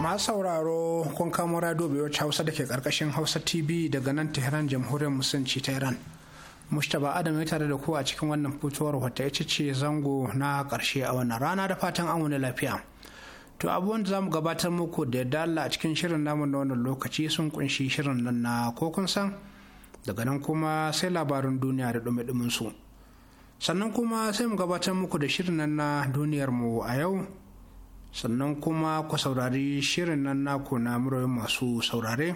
masu sauraro kun kamo rado wacce hausa da ke karkashin hausa tv daga nan tehran jamhuriyar musulunci ta iran mustapha adam ya tare da ku a cikin wannan fitowar wata ya ce zango na karshe a wannan rana da fatan an wani lafiya to abubuwan da mu gabatar muku da yadda Allah a cikin shirin namu na wannan lokaci sun kunshi shirin nan na ko kun san daga nan kuma sai labarin duniya da dume dumin su sannan kuma sai mu gabatar muku da shirin nan na duniyar mu a yau sannan kuma ku saurari shirin nan naku na muryoyin masu saurare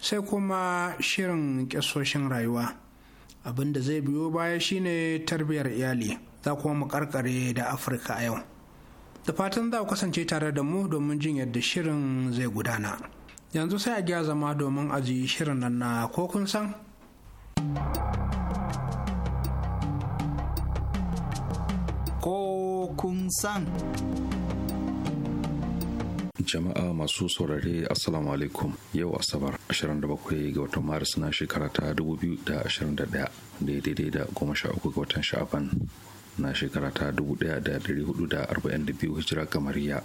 sai kuma shirin kyasoshin rayuwa abin da zai biyo baya shine tarbiyyar iyali za kuma mu karkare da afirka a yau da fatan za ku kasance tare da mu domin jin yadda shirin zai gudana yanzu sai a gya zama domin aji shirin nan na ko kun san ko kun san jama'a masu saurare assalamu alaikum yau asabar 27 ga watan maris na shekara ta 2021 da daidai da goma sha uku ga watan sha'aban na shekara ta 1442 hijira kamariya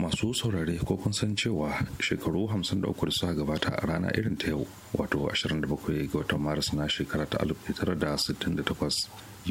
masu saurare ko kun san cewa shekaru 53 da suka gabata a rana irin ta yau wato 27 ga watan maris na shekara ta 1968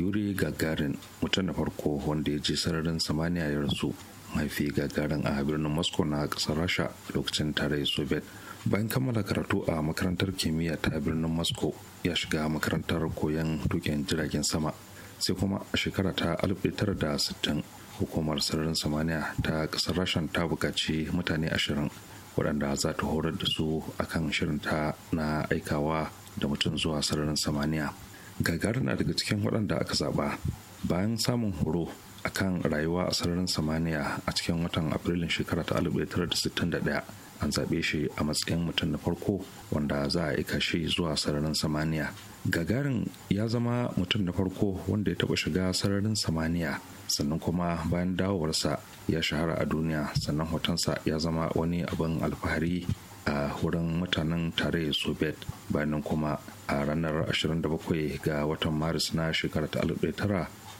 yuri gagarin mutum na farko wanda ya je sararin samaniya ya rasu haifi gagarin a birnin moscow na kasar rasha lokacin tarayyar soviet bayan kammala karatu a makarantar kimiyya ta birnin moscow ya shiga makarantar koyon tukin jiragen sama sai kuma a shekara ta 1960 hukumar sararin samaniya ta kasar rashan ta bukaci mutane ashirin waɗanda za ta horar da su akan shirin ta na aikawa da mutum zuwa sararin samaniya gagarin na daga cikin waɗanda aka zaɓa bayan samun horo akan rayuwa a sararin samaniya a cikin watan afrilun shekara ta 1961 an zaɓe shi a matsayin mutum na farko wanda za a aika shi zuwa sararin samaniya gagarin ya zama mutum na farko wanda ya taɓa shiga sararin samaniya sannan kuma bayan dawowarsa ya shahara a duniya sannan hotonsa ya zama wani abin alfahari a wurin mutanen tarayyar soviet bayan kuma a ranar 27 ga watan maris na shekarar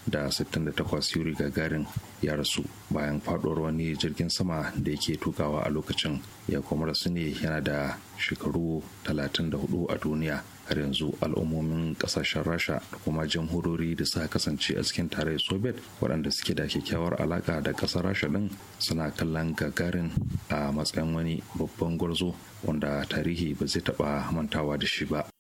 da 68 yuri gagarin ya rasu bayan faɗuwar wani jirgin sama da yake tukawa a lokacin ya kuma rasu ne yana da shekaru 34 a duniya har yanzu al'ummomin kasashen rasha da kuma jamhurori da suka kasance a cikin tarayyar soviet waɗanda suke da kyakkyawar alaka da ƙasar rasha ɗin suna kallon gagarin a matsayin wani babban gwarzo wanda tarihi ba zai taɓa mantawa da shi ba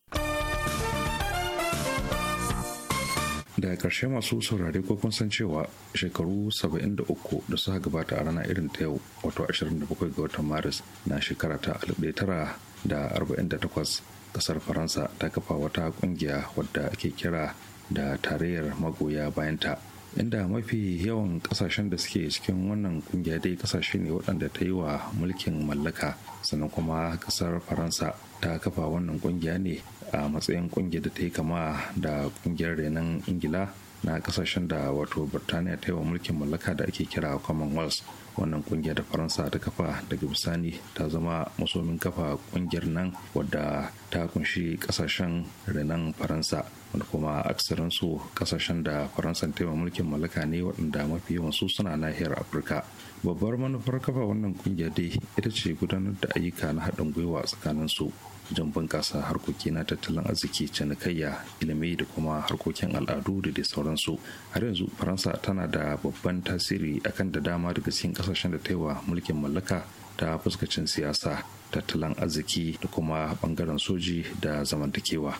da ƙarshe masu saurare ko kun san cewa shekaru 73 da suka gabata a rana irin ta yau wato 27 ga watan maris na shekara ta 1948 kasar faransa ta kafa wata kungiya wadda ake kira da tarayyar magoya bayanta inda mafi yawan kasashen da suke cikin wannan kungiya dai kasashe ne waɗanda ta yi wa mulkin mallaka sannan kuma kasar faransa ta kafa wannan kungiya ne a matsayin kungiyar da ta yi kama da kungiyar renon ingila na kasashen da wato birtaniya ta yi wa mulkin mallaka da ake kira commonwealth wannan kungiyar da faransa ta kafa daga bisani ta zama masomin kafa kungiyar nan wadda ta kunshi kasashen renon faransa wanda kuma aksarinsu kasashen da faransa ta yi wa mulkin mallaka ne waɗanda mafi yawan su suna nahiyar afirka babbar manufar kafa wannan kungiya dai ita ce gudanar da ayyuka na haɗin gwiwa tsakanin su wajen bunƙasa harkoki na tattalin arziki cinikayya ilimi da kuma harkokin al'adu da dai sauransu har yanzu faransa tana da babban tasiri akan da dama daga cikin ƙasashen da ta yi wa mulkin mallaka ta fuskacin siyasa tattalin arziki da kuma bangaren soji da zamantakewa.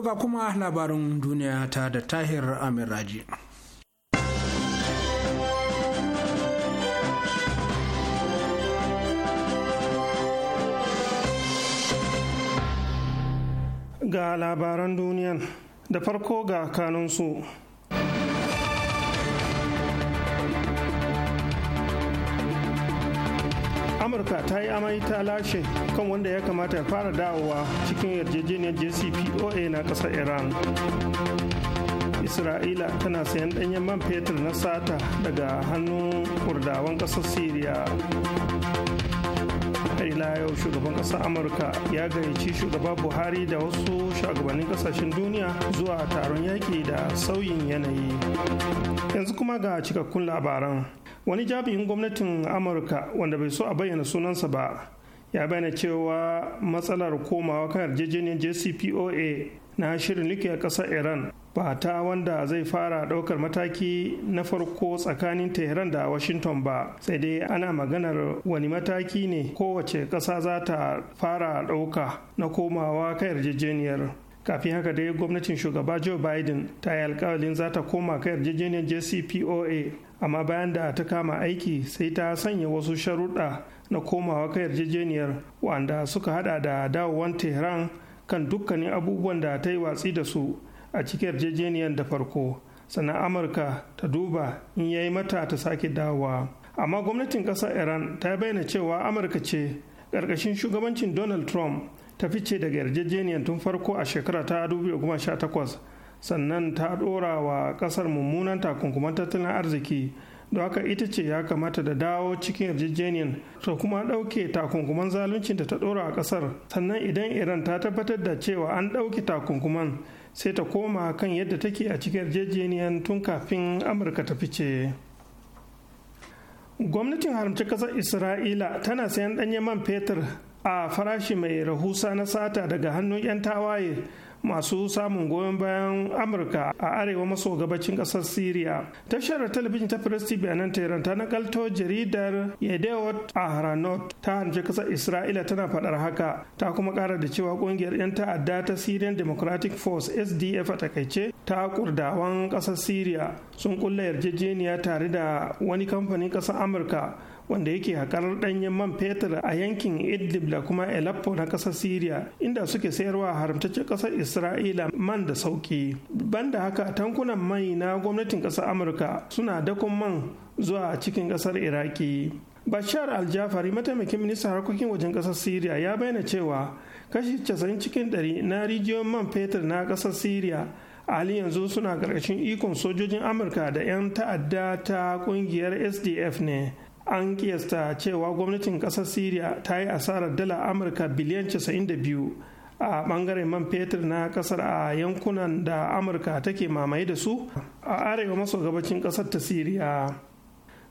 To ga kuma labarin duniya ta da Tahir Amiraji. Ga labaran duniyan da farko ga kanunsu. amurka ta yi amai ta lashe kan wanda ya kamata ya fara dawowa cikin yarjejeniyar jcpoa na kasar iran isra'ila tana sayan ɗanyen man fetur na sata daga hannun kurdawan ƙasar syria har ila yau shugaban ƙasar amurka ya gayyaci shugaba buhari da wasu shugabannin kasashen duniya zuwa taron yaki da sauyin yanayi yanzu kuma ga cikakkun labaran wani jami'in gwamnatin amurka wanda bai so a bayyana sunansa ba ya bayyana cewa matsalar komawa kan yarjejeniyar jcpoa na shirin a ƙasar iran ba ta wanda zai fara ɗaukar mataki na farko tsakanin tehran da washington ba sai dai ana maganar wani mataki ne kowace ƙasa za ta fara ɗauka na komawa kan yarjejeniyar kafin haka dai gwamnatin shugaba joe biden ta yi alkawalin za ta koma kan yarjejeniyar jcpoa amma bayan da ta kama aiki sai ta sanya wasu sharuɗa na komawa kan yarjejeniyar wanda suka hada da dawowan tehran kan dukkanin abubuwan da ta yi watsi da su a cikin yarjejeniyar da farko sannan amurka ta duba in ya yi mata ta sake dawowa amma gwamnatin ƙasar iran ta bayyana cewa amurka ce ƙarƙashin shugabancin donald trump ta fice daga yarjejeniyar tun farko a shekara ta 2018 sannan ta ɗora wa ƙasar mummunan takunkuman tattalin arziki don haka ita ce ya kamata da dawo cikin yarjejeniyar ta kuma ɗauke takunkuman zaluncin da ta ɗora a ƙasar sannan idan iran ta tabbatar da cewa an ɗauke takunkuman sai ta koma kan yadda take a cikin yarjejeniyar tun kafin amurka ta fice gwamnatin haramci ƙasar isra'ila tana sayan ɗanyen man fetur a farashi mai rahusa na sata daga hannun 'yan tawaye masu samun goyon bayan amurka a arewa maso gabacin kasar syria tashar talabijin ta firist bayanan tehran ta nakalto jaridar yedewot ahranot ta hanci kasar isra'ila tana faɗar haka ta kuma ƙara da cewa ƙungiyar 'yan ta'adda ta syrian democratic force sdf a takaice ta kurdawan kasar syria sun kulla yarjejeniya tare da wani kamfanin kasar amurka wanda yake hakarar ɗanyen man fetur a yankin idlib da kuma aleppo na ƙasar syria inda suke sayarwa haramtaccen ƙasar isra'ila man da sauƙi banda haka tankunan mai na gwamnatin ƙasar amurka suna dakon man zuwa cikin ƙasar iraki bashar aljafari mataimakin ministan harkokin wajen ƙasar syria ya bayyana cewa kashi 90 cikin 100 na rijiyoyin man fetur na ƙasar syria hali yanzu suna ƙarƙashin ikon sojojin amurka da 'yan ta'adda ta ƙungiyar sdf ne an kiyasta cewa gwamnatin kasar syria ta yi asarar dala amurka biliyan 92 a bangaren man fetur na kasar a yankunan da amurka take mamaye da su a arewa maso gabacin kasar ta syria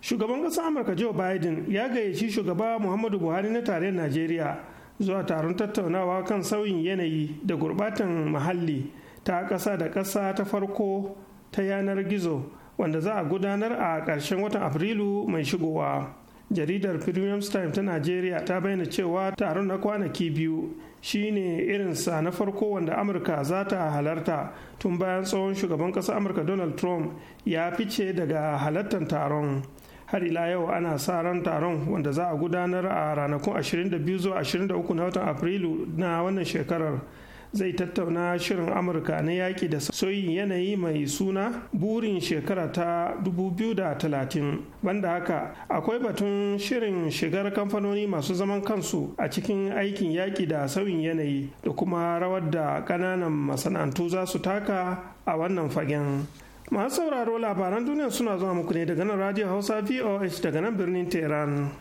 shugaban kasar amurka joe biden ya gayyaci shugaba muhammadu buhari na tarayyar najeriya zuwa taron tattaunawa kan sauyin yanayi da gurbatan muhalli ta ƙasa da ƙasa ta farko ta yanar gizo wanda za a gudanar a ƙarshen watan afrilu mai shigowa jaridar premium time ta nigeria ta bayyana cewa taron na kwanaki biyu shine irinsa na farko wanda amurka za ta halarta tun bayan tsohon shugaban ƙasar amurka donald trump ya fice daga halartar taron har ila yau ana sa ran taron wanda za a gudanar a ranakun 22 zuwa 23 na watan afrilu na wannan shekarar zai tattauna shirin amurka na yaƙi da sauyin yanayi mai suna burin shekara ta 2030 banda haka akwai batun shirin shigar kamfanoni masu zaman kansu a cikin aikin yaƙi da sauyin yanayi da kuma rawar da ƙananan masana'antu za su taka a wannan fagen masu sauraro labaran duniya suna zuwa muku ne daga nan radio hausa voh daga nan birnin tehran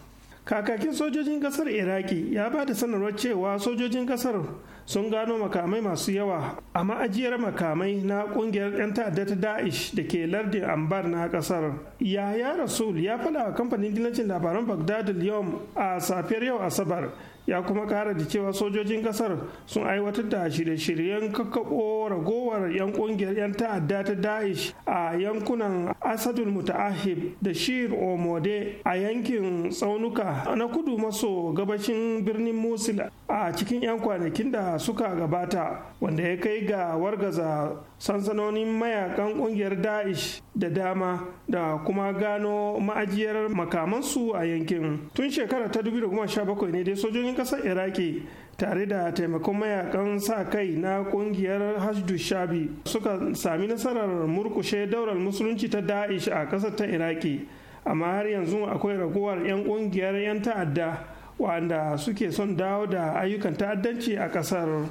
kakakin sojojin kasar iraki ya ba da sanarwar cewa sojojin kasar sun gano makamai masu yawa a ma'ajiyar makamai na kungiyar 'yan ta'adda ta da'ish da ke lardin ambar na kasar yahya rasul ya faɗawa wa kamfanin dinacin labaran bagdad yom a safiyar yau asabar ya kuma kara da cewa sojojin kasar sun aiwatar da shirye-shiryen kakkaɓo ragowar 'yan kungiyar 'yan ta'adda ta daesh a yankunan asadul muta'ahib da shir omode a yankin tsaunuka na kudu maso gabashin birnin musul a cikin 'yan kwanakin da suka gabata wanda ya kai ga wargaza sansanonin mayakan kungiyar daesh da dama da kuma gano ma'ajiyar makamansu a yankin tun shekara ta 2017 ne dai sojojin kasar iraki tare da taimakon mayakan sa kai na kungiyar hajdu shabi suka sami nasarar murkushe daular musulunci ta daesh a kasar ta iraki amma har yanzu akwai raguwar 'yan kungiyar 'yan ta'adda wanda suke son dawo da ayyukan ta'addanci a kasar.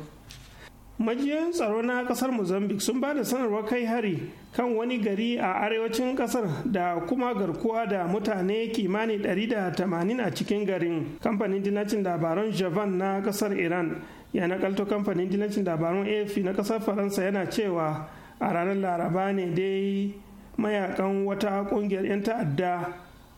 majiyoyin tsaro na kasar mozambique sun ba da sanarwar kai hari kan wani gari a arewacin kasar da kuma garkuwa da mutane kimani 180 a cikin garin kamfanin dinacin labaran javan na kasar iran ya nakalto kamfanin dinacin labaran afp na kasar faransa yana cewa a ranar laraba ne dai mayakan wata kungiyar 'yan ta'adda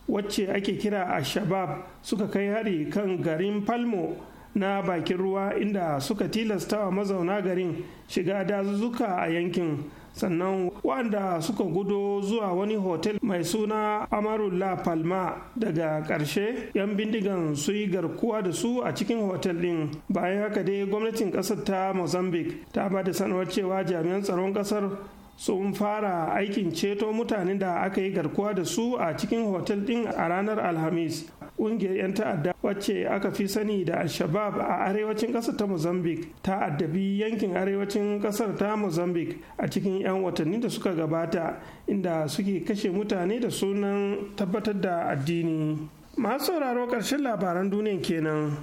wacce ake kira a shabab suka kai hari kan garin palmo na bakin ruwa inda suka tilasta wa mazauna garin shiga dazuzzuka a yankin sannan wanda suka gudu zuwa wani hotel mai suna amarula palma daga ƙarshe 'yan bindigan su yi garkuwa da su a cikin hotel ɗin bayan haka dai gwamnatin ƙasar ta mozambique ta ba da sanarwar cewa jami'an tsaron ƙasar sun fara aikin ceto mutanen da aka yi garkuwa da su a cikin hotel ɗin a ranar alhamis ƙungiyar 'yan ta'adda wacce aka fi sani da al-shabab a arewacin ƙasar ta mozambique ta addabi yankin arewacin ƙasar ta mozambique a cikin 'yan watanni da suka gabata inda suke kashe mutane da sunan tabbatar da addini masu sauraro ƙarshen labaran duniya kenan.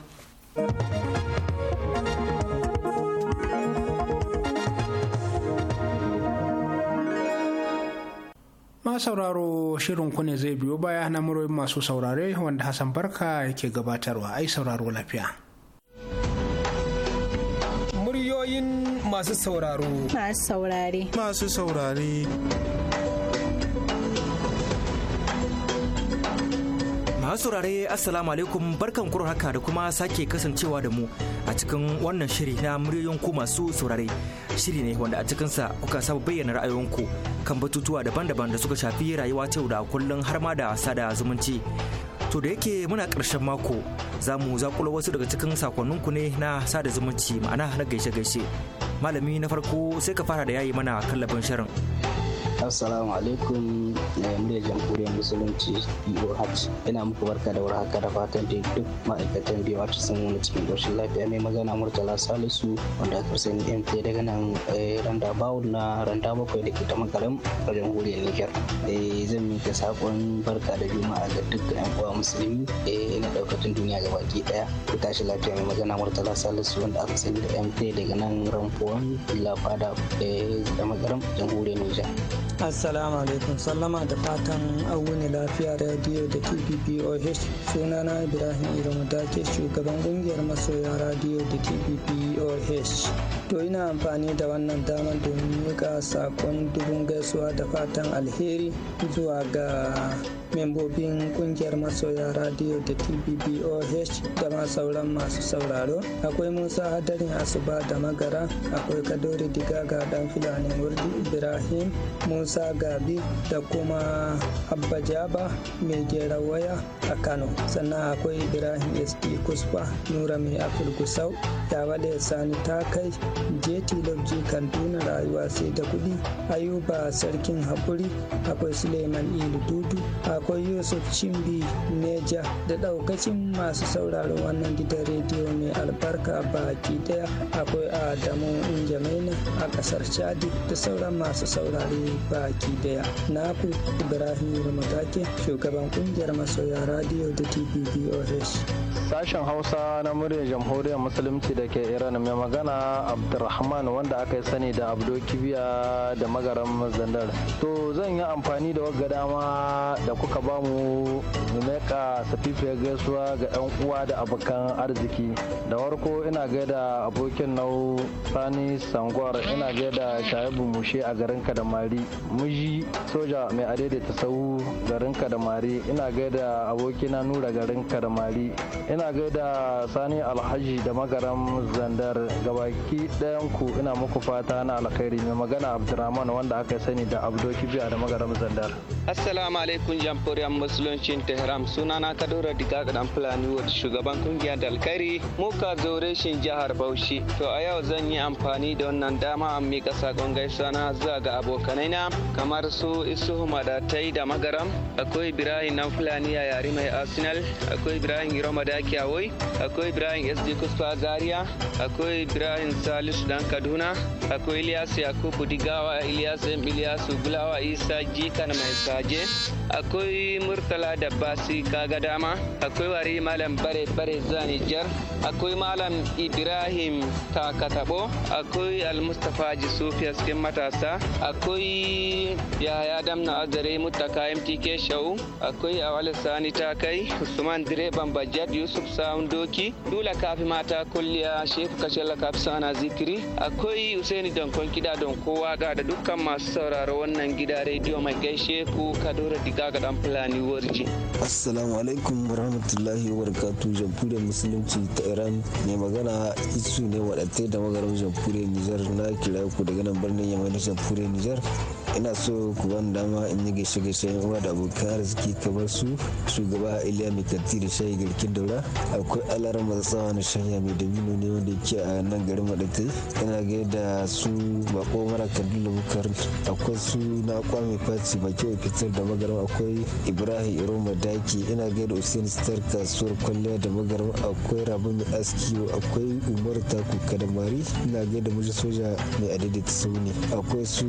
ma sauraro shirin ku ne zai biyo baya na muroyin masu saurare wanda hassan barka yake gabatarwa ai sauraro lafiya muryoyin masu sauraro masu saurare masu saurare Masu saurare Assalamu alaikum barkan kuro haka da kuma sake kasancewa da mu a cikin wannan shiri na muryoyin ku masu saurare. Shiri ne wanda a cikinsa kuka saba bayyana ra'ayoyinku kan batutuwa daban-daban da suka shafi rayuwa ta yau da kullum har ma da sada zumunci. To da yake muna karshen mako za mu zakulo wasu daga cikin sakonninku ne na sada zumunci ma'ana na gaishe-gaishe. Malami na farko sai ka fara da yayi mana kallafin shirin. assalamu alaikum eh, muryar jamhuriyar musulunci BOH ina muku barka da warhaka da fatan da duk ma'aikatan wacce sun wani cikin ƙoshin lafiya mai magana Murtala Salisu wanda aka sani MP daga nan eh, randa bawul na randa bakwai da ke ta makarin a jamhuriyar Nijar eh, zan mika saƙon barka da juma'a ga duk yan uwa musulmi ina ɗaukacin duniya ga ki ɗaya ku tashi lafiya mai magana Murtala Salisu wanda aka sani da MP daga nan ramfuwan lafada da makarin jamhuriyar Nijar assalamu alaikum sallama da fatan auni lafiya radio da TPPOH sunana ibrahim iramu shugaban kungiyar masoya radio da TPPOH. to ina amfani da wannan damar domin mika sakon dubun gaisuwa da fatan alheri zuwa ga membobin kungiyar masoya radio da tbboh da ma sauran masu sauraro akwai musa hadarin asuba da magara akwai kadori digaga dan fulani murdi? ibrahim musa gabi da kuma abba jaba mai gera waya a kano sannan akwai ibrahim sp kusfa nura mai afil gusau yawale sani ta kai jeti lobji kaduna rayuwa sai da kudi ayuba sarkin hakuri. akwai suleiman ilu dudu akwai yusuf cimbi neja da daukacin masu sauraron wannan gidan rediyo mai albarka baki daya akwai adamu injamaina a ƙasar chadi da sauran masu saurare baki daya naku ibrahim matake shugaban kungiyar masoya radio da tv sashen hausa na muryar jamhuriyar musulunci da ke iran mai magana abdulrahman wanda aka yi sani da abdo kibiya da magaran zandar to zan yi amfani da wadda dama da kuka ba mu mu meka safifiyar gaisuwa ga yan uwa da abokan arziki da farko ina gaida abokin nau sani sangwar ina gaida shaibu mushe a garin kadamari muji soja mai adaidaita sahu garin kadamari ina gaida abokina nura garin kadamari ina gaida sani alhaji da magaram zandar gabaki ku ina muku fata na alkhairi mai magana abdurrahman wanda aka sani da abdoki biya da magaram zandar assalamu alaikum jamhuriyar musuluncin tehran sunana kadura diga kadan fulani wadda shugaban kungiyar dalkari muka zaure shi jihar bauchi to a yau zan yi amfani da wannan dama a miƙa sakon gaisuwa na zuwa ga abokanai na kamar su isuhu madatai da magaram akwai ibrahim nan fulani a yare mai arsenal akwai ibrahim da ake awoi akwai ibrahim sd kusfa zaria akwai ibrahim salisu dan kaduna akwai ilyasu yakubu digawa ilyasu m gulawa isa jikan mai saje akwai akwai murtala da basi kaga dama akwai wari malam bare bare nijar akwai malam ibrahim takatabo akwai almustapha jisufi askin matasa akwai yaya damna azare mutaka mtk shau akwai awali sani takai usman direban bajad yusuf sa'un doki dula kafi mata kulliya shefu kashella kafi sana zikiri akwai usaini donkon kida don kowa ga da dukkan masu sauraro wannan gida rediyo mai gaishe ku kadura diga ga dan fulani warje assalamu alaikum warahmatullahi wabarakatuh jamhuriyar musulunci ta iran mai magana isu ne wadatai da magarin jamhuriyar nijar na kira ku daga nan birnin yamma na jamhuriyar nijar ina so ku ban dama in yi gaishe gaishe yan uwa da abokan arziki kamar su shugaba iliya mai kanti da shayi garkin daura akwai alar matsawa na shanya mai dabino ne wanda yake a nan garin madatai ina gaida su bako mara kaduna bukar akwai su na kwame faci baki fitar da magaram akwai ibrahim iroma daki ina gaida usain star kasuwar kwalliya da magaram akwai rabu mai aski akwai umar taku kadamari ina gaida muji soja mai ta sauni akwai su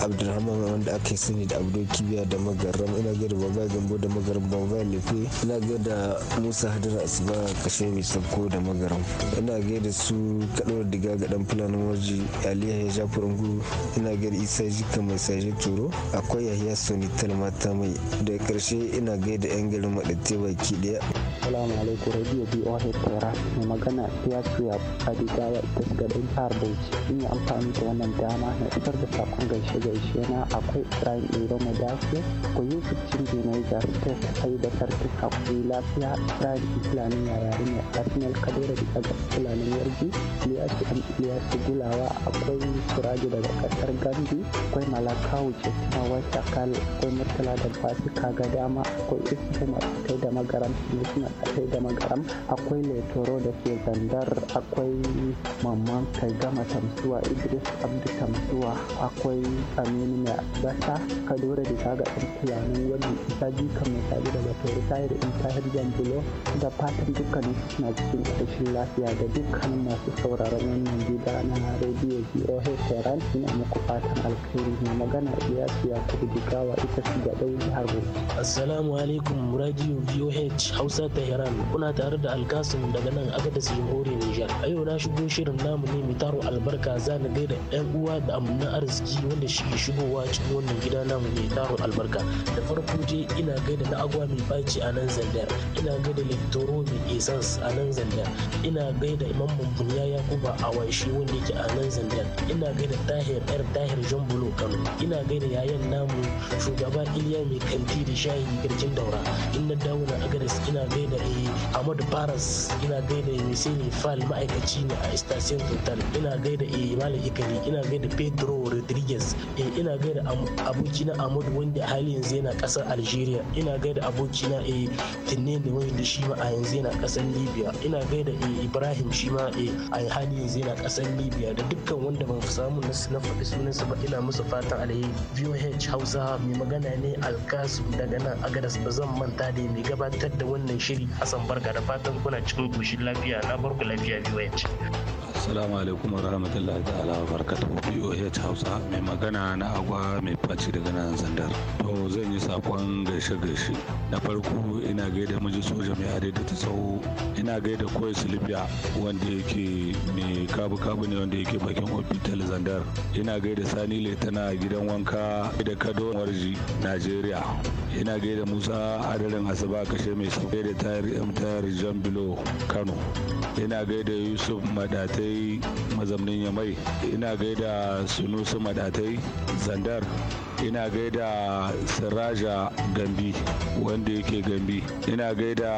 abdulrahman wanda aka sani da abdo kibiya da magaram ina gaida baba gambo da magaram baba lefe ina gaida musa Hadiza asuba kashe mai sabko da magaram ina gaida su kaɗuwar diga ga dan fulani waje aliyu ya jafurin ina gaida isa jika mai saje turo akwai yahiya sonital mata mai da karshe ina gaida yan garin maɗatte baki ɗaya Assalamu alaikum radio BOH Tera mai magana ya suya adi Gawa ita suka ɗan jihar Bauchi. In yi amfani da wannan dama na isar da sakon gaishe gaishe na akwai Ibrahim iro Madafi, ko Yusuf Cinde na Niger ta kai da Sarkin Hakuri Lafiya, Ibrahim Islamin Yayari mai Arsenal Kadura daga ga Yarji, Liyasu M. Liyasu Gulawa, akwai Suraji daga kasar Gambi, akwai Malakawu wata kal akwai Murtala da Fasika ga dama, akwai isma kai da Magaram, akwai da akwai letoro da ke zandar akwai mamman kai gama tamsuwa idris abdu tamsuwa akwai aminu mai albasa dora da ta ga ɗan yanin wani isa jika mai tabi daga tori da in tayar bulo da fatan dukkanin suna cikin ƙarshen lafiya da dukkan masu sauraron wannan gida na rediyo voh tehran ina muku fatan alkhairi na magana iya su ya kudu gawa ita su ga ɗau assalamu alaikum radio voh hausa ta tehran kuna tare da alkasin daga nan agadas jamhuriyar nijar a yau na shigo shirin namu ne mai taro albarka za mu gaida yan uwa da amna arziki wanda shi shigowa cikin wannan gida namu mai taro albarka da farko je ina gaida na agwa mai baci a nan zandar ina gaida littoro mai esans a nan zandar ina gaida imam ya yakuba a washe wanda yake a nan zandar ina gaida tahir yar tahir jambulo kano ina gaida yayan namu shugaba iliya mai kanti da shayi garjin daura in na dawo agadas ina gaida a eh, amadu Faras ina gaida eh, ne Fal ma'aikaci ne a Station Total ina gaida eh, Malam Ikali ina gaida Pedro Rodriguez ina gaida abokina amadu wanda hali yanzu yana kasar Algeria ina gaida abokina Tinnene wanda shi ma a yanzu yana kasar Libya ina gaida Ibrahim shi ma a hali yanzu yana kasar Libya da dukkan wanda ban samu na faɗi sunansa ba ina musu fatan alheri VOH Hausa mai magana ne Alkasu daga nan Agadas ba zan manta da mai gabatar da wannan shirin hassan barka da fatan kuna cikin koshin lafiya na barku lafiya biyu Assalamu alaikum wa rahmatullahi ta'ala wa barakatuhu BOH Hausa mai magana na agwa mai faci daga nan zandar. To zan yi sakon gaishe-gaishe. Na farko ina gaida miji soja mai adai da ta tsawo ina gaida koyi Silvia wanda yake mai kabu-kabu ne wanda yake bakin hospital zandar. Ina gaida Sani Le tana gidan wanka da Kado Warji Najeriya. Ina gaida Musa adadin Asaba kashe mai sauke da tayar M tayar Jambilo Kano. Ina gaida Yusuf Madatai ya yamai ina gaida sunusu madatai zandar ina gaida siraja gambi wanda yake gambi ina gaida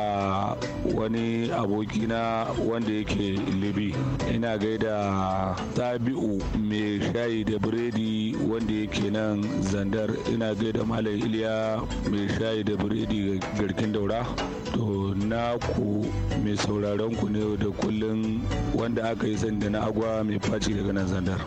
wani abokina wanda yake libi ina gaida tabi'u mai shayi da biredi wanda yake nan zandar ina gaida malam iliya mai shayi da biredi garkin daura to na ku mai sauraron ku ne da kullum wanda aka yi sanda na agwa mai faci daga nan zandar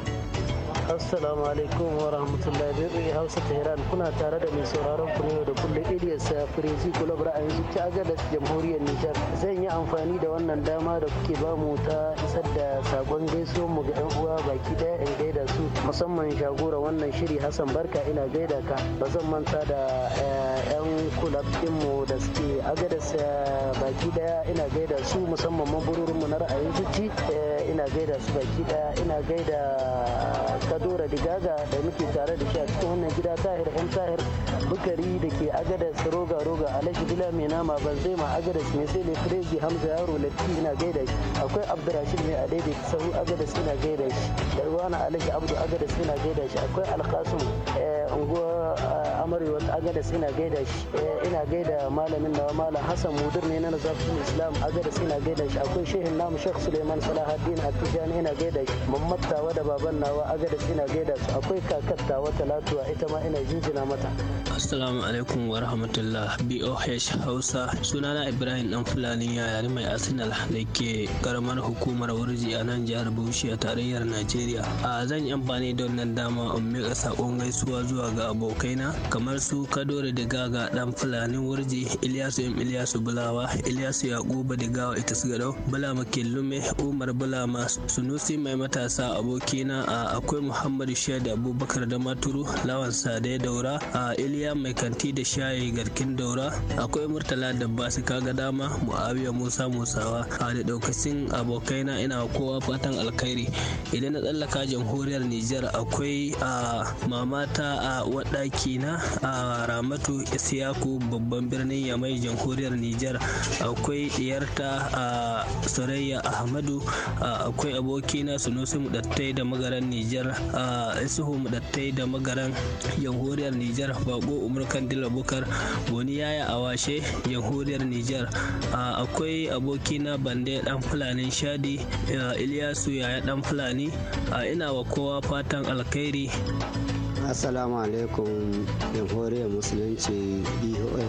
assalamu alaikum wa rahmatullahi barakatuh. hausa tehran kuna tare da mai sauraron ku ne da kullum ilyas ra'ayin kulabar a yanzu ta jamhuriyar nijar zan yi amfani da wannan dama da kuke ba mu ta isar da sakon gaisuwan mu ga yan uwa baki daya in gaida su musamman shagora wannan shiri hassan barka ina gaida ka ba zan manta da yan eh, kulab mu da suke agadas eh, baki daya ina gaida su musamman mabururin mu na ra'ayin zuci eh, ina gaida su baki daya ina gaida kadora gaga da muke tare da shi a cikin wannan gida tahir ɗan tahir bukari da ke agadas roga roga alashi bila mai nama ma agadas mai sai ne crazy hamza yaro latti ina gaida shi akwai abdurashid mai a daidai sahu agadas ina gaida shi darwana alashi abdu agadas ina gaida shi akwai alkasum eh, unguwar amarewa ta agadas ina gaida shi eh, ina gaida malamin nawa malam hassan mudir ne na nazartun islam agadas ina gaida shi akwai shehin namu shek suleiman salahaddin a tijjani ina gaida shi mamman tawa da baban nawa agadas ina gaida su akwai kakar tawa talatuwa ita ma ina jinjina mata assalamu alaikum wa rahmatullah boh hausa sunana ibrahim dan fulani yayari mai arsenal da ke karamar hukumar wurji a nan jihar bauchi a tarayyar najeriya a zan yi amfani da wannan dama in miƙa saƙon gaisuwa zuwa ga abokan abokaina kamar su kadore da gaga dan fulani wurji ilyasu m ilyasu bulawa ilyasu yakubu da gawa ita su gadau bulama killume umar bulama sunusi mai matasa abokina a akwai muhammad shaida abubakar da maturu lawan sade daura a iliya mai kanti da shayi garkin daura akwai murtala da basu ga dama muawiya musa musawa a da daukacin abokaina ina kowa fatan alkhairi idan na tsallaka jamhuriyar nijar akwai a mamata a wadaki kina a ramatu isiyaku babban birnin yamai jamhuriyar nijar akwai diyarta a surayya ahmadu akwai abokina sunusi mudattai da magaran nijar isuhu mudattai da magaran jamhuriyar nijar bako kandil dilabukar boni yaya awashe jamhuriyar nijar akwai abokina bande dan fulanin shadi Ilyasu, yaya dan fulani ina wa kowa fatan alkhairi assalamu alaikum jamhuriyar musulunci boh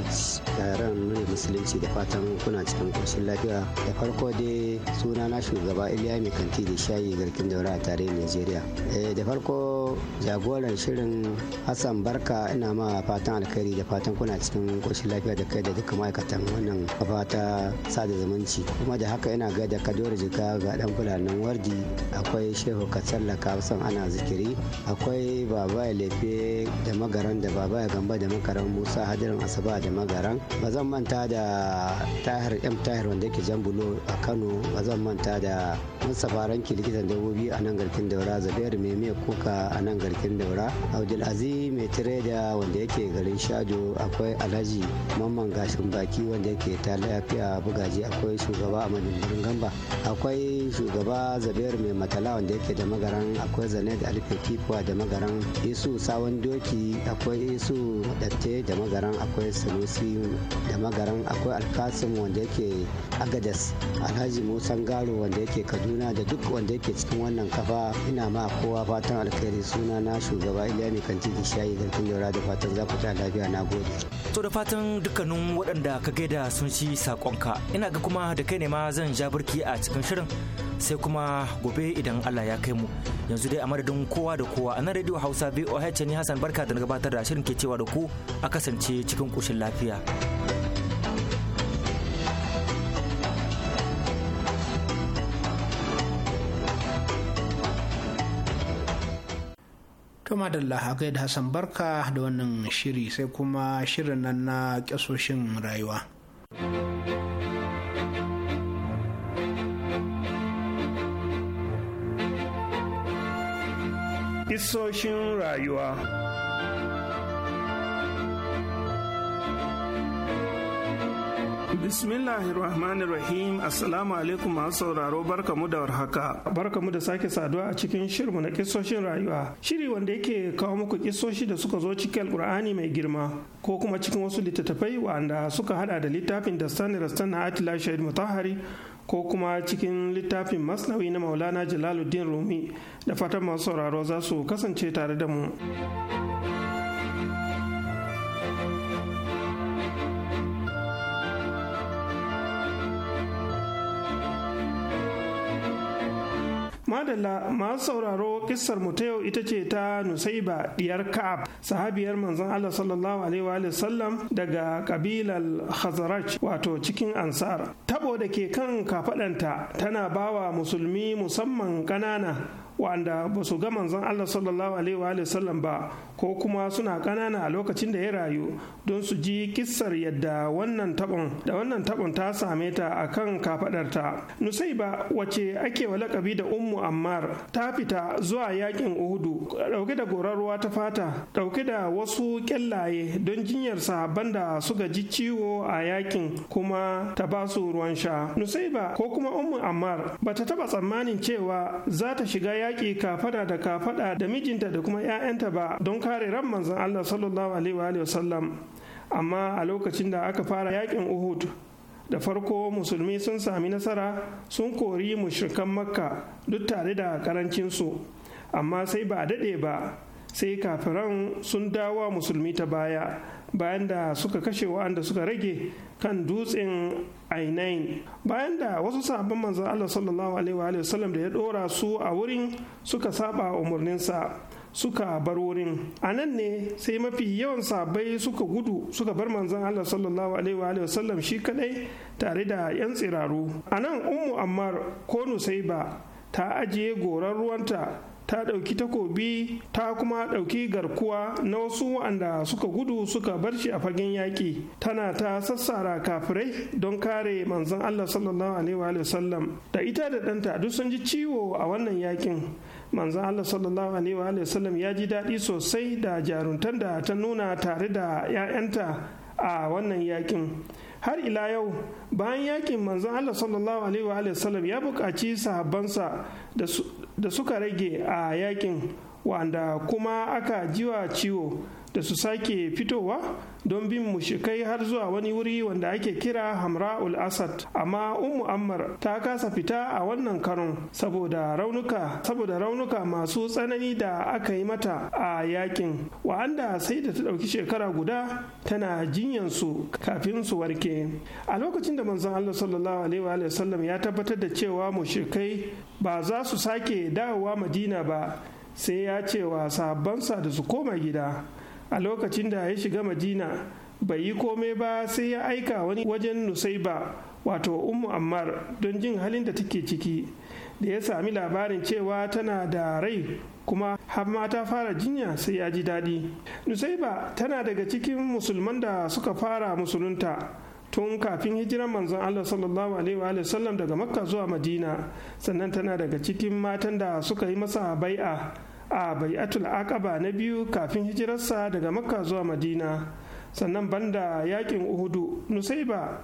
yaren nuna musulunci da fatan kuna cikin ƙoshin lafiya da farko dai suna na shugaba iliya mai kanti da shayi garkin daura a tare nigeria eh, da farko jagoran shirin hassan barka ina ma fatan alkhairi da fatan kuna cikin ƙoshin lafiya da kai da duka ma'aikatan wannan fata ta sada zumunci kuma da haka ina gaida kadori jika ga dan fulanin wardi akwai shehu katsalla kafsan ana zikiri akwai baba lefe da magaran da baba ya gamba da makaran musa hadirin asaba da magaran ba zan manta da tahir m tahir wanda yake jan bulo a kano ba zan manta da mustapha ranki likitan dabbobi a nan garkin daura zabiyar miya kuka a nan garkin daura abdulaziz mai tireda wanda yake garin shado akwai alhaji mamman gashin baki wanda yake ta lafiya bugaji akwai shugaba a madimbarin gamba akwai shugaba zabiyar mai matala wanda yake da magaran akwai zanet alfe da magaran yesu sawan doki akwai isu datte da magaran akwai sanusi da magaran akwai alkasim wanda yake agadas alhaji musan garo wanda yake kaduna da duk wanda yake cikin wannan kafa ina ma kowa fatan alkhairi suna na shugaba iliya mai kanti shayi garkin yaura da fatan za ku ta lafiya na gode. to da fatan dukkanin waɗanda ka gaida sun ci sakonka ina ga kuma da kai ne ma zan ja birki a cikin shirin sai kuma gobe idan allah ya kai mu yanzu dai a madadin kowa da kowa a nan radio hausa voh VOH ni Hassan barka da gabatar da shirin ke cewa da ku a kasance cikin ƙoshin lafiya. kuma da lahagai da Hassan barka da wannan shiri sai kuma shirin nan na ƙyasoshin rayuwa. Kisoshin rayuwa. Bismillahirrahmanirrahim Assalamu alaikum masu sauraro barkamu da warhaka. Barkamu da sake saduwa a cikin shirmu na kisoshin rayuwa. Shiri wanda yake kawo muku kisoshi da suka zo cikin ƙurani mai girma ko kuma cikin wasu littattafai wanda suka hada da littafin da da Rastan na Atila Shahid Mutahari ko kuma cikin littafin masnawi na maulana jalaluddin rumi da fatan masu sauraro za su kasance tare da mu. madalla masu sauraro kissar mu ta yau ita ce ta nusaiba diyar ka'ab sahabiyar manzon allah sallallahu alaihi wa sallam daga kabilar khazaraj wato cikin ansar tabo da ke kan kafadanta tana bawa musulmi musamman ƙanana wanda ba su ga manzon Allah sallallahu alaihi wa sallam ba ko kuma suna ƙanana a lokacin da ya rayu don su ji kissar yadda wannan tabon da wannan tabon ta same ta a kan kafadarta Nusaiba wace ake wa lakabi da Ummu Ammar ta fita zuwa yakin Uhudu dauke da gorar ruwa ta fata dauke da wasu kyallaye don jinyar banda su suka ji ciwo a yakin kuma ta ba su ruwan sha Nusaiba ko kuma Ummu Ammar bata taba tsammanin cewa za ta shiga yaƙi kafada da kafada da mijinta da kuma 'ya'yanta ba don kare ran manzon Allah sallallahu alaihi wa sallam amma a lokacin da aka fara yaƙin Uhud da farko musulmi sun sami nasara sun kori mushrikan makka duk tare da su amma sai ba a daɗe ba sai kafiran sun dawa musulmi ta baya bayan da suka kashe wa'anda suka rage kan dutsen ainain bayan da wasu sahabban manzan Allah sallallahu alaihi wa sallam da ya dora su a wurin suka saba umarninsa suka bar wurin a nan ne sai mafi yawan sabai suka gudu suka bar manzan Allah sallallahu alaihi wa sallam shi kadai tare da yan tsiraru a nan ummu ammar ko nusaiba ta ajiye goran ruwanta ta ɗauki takobi ta kuma ɗauki garkuwa na wasu waɗanda suka gudu suka bar shi a fagen yaƙi tana ta sassara kafirai don kare manzon Allah sallallahu alaihi wa sallam da ita da ɗanta duk sun ji ciwo a wannan yaƙin manzon Allah sallallahu alaihi wa sallam ya ji daɗi sosai da jaruntan da ta nuna tare da 'ya'yanta a wannan yaƙin har ila yau bayan yakin manzon Allah sallallahu alaihi wa sallam ya buƙaci sahabbansa da da suka rage a yakin wanda kuma aka jiwa ciwo da su sake fitowa don bin mushikai har zuwa wani wuri wanda ake kira hamra ul asad amma ummu ammar ta kasa fita a wannan karon saboda raunuka saboda raunuka masu tsanani da aka yi mata a yakin wa'anda sai da ta ɗauki shekara guda tana jinyan su kafin su warke a lokacin da manzon allah sallallahu alaihi wa sallam ya tabbatar da cewa mushikai ba za su sake dawowa madina ba sai ya ce wa sahabbansa da su koma gida a lokacin da ya shiga madina bai yi komai ba sai ya aika wani wajen nusaiba wato ummu ammar don jin halin da take ciki da ya sami labarin cewa tana da rai kuma har ma ta fara jinya sai ya ji daɗi nusaiba tana daga cikin musulman da suka fara musulunta tun kafin hijiran manzon Allah sallallahu alaihi wa sallam daga makka zuwa madina sannan tana daga cikin matan da suka yi masa bai'a a bai'atul aqaba na biyu kafin hijirarsa daga makka zuwa madina sannan banda yakin uhudu nusaiba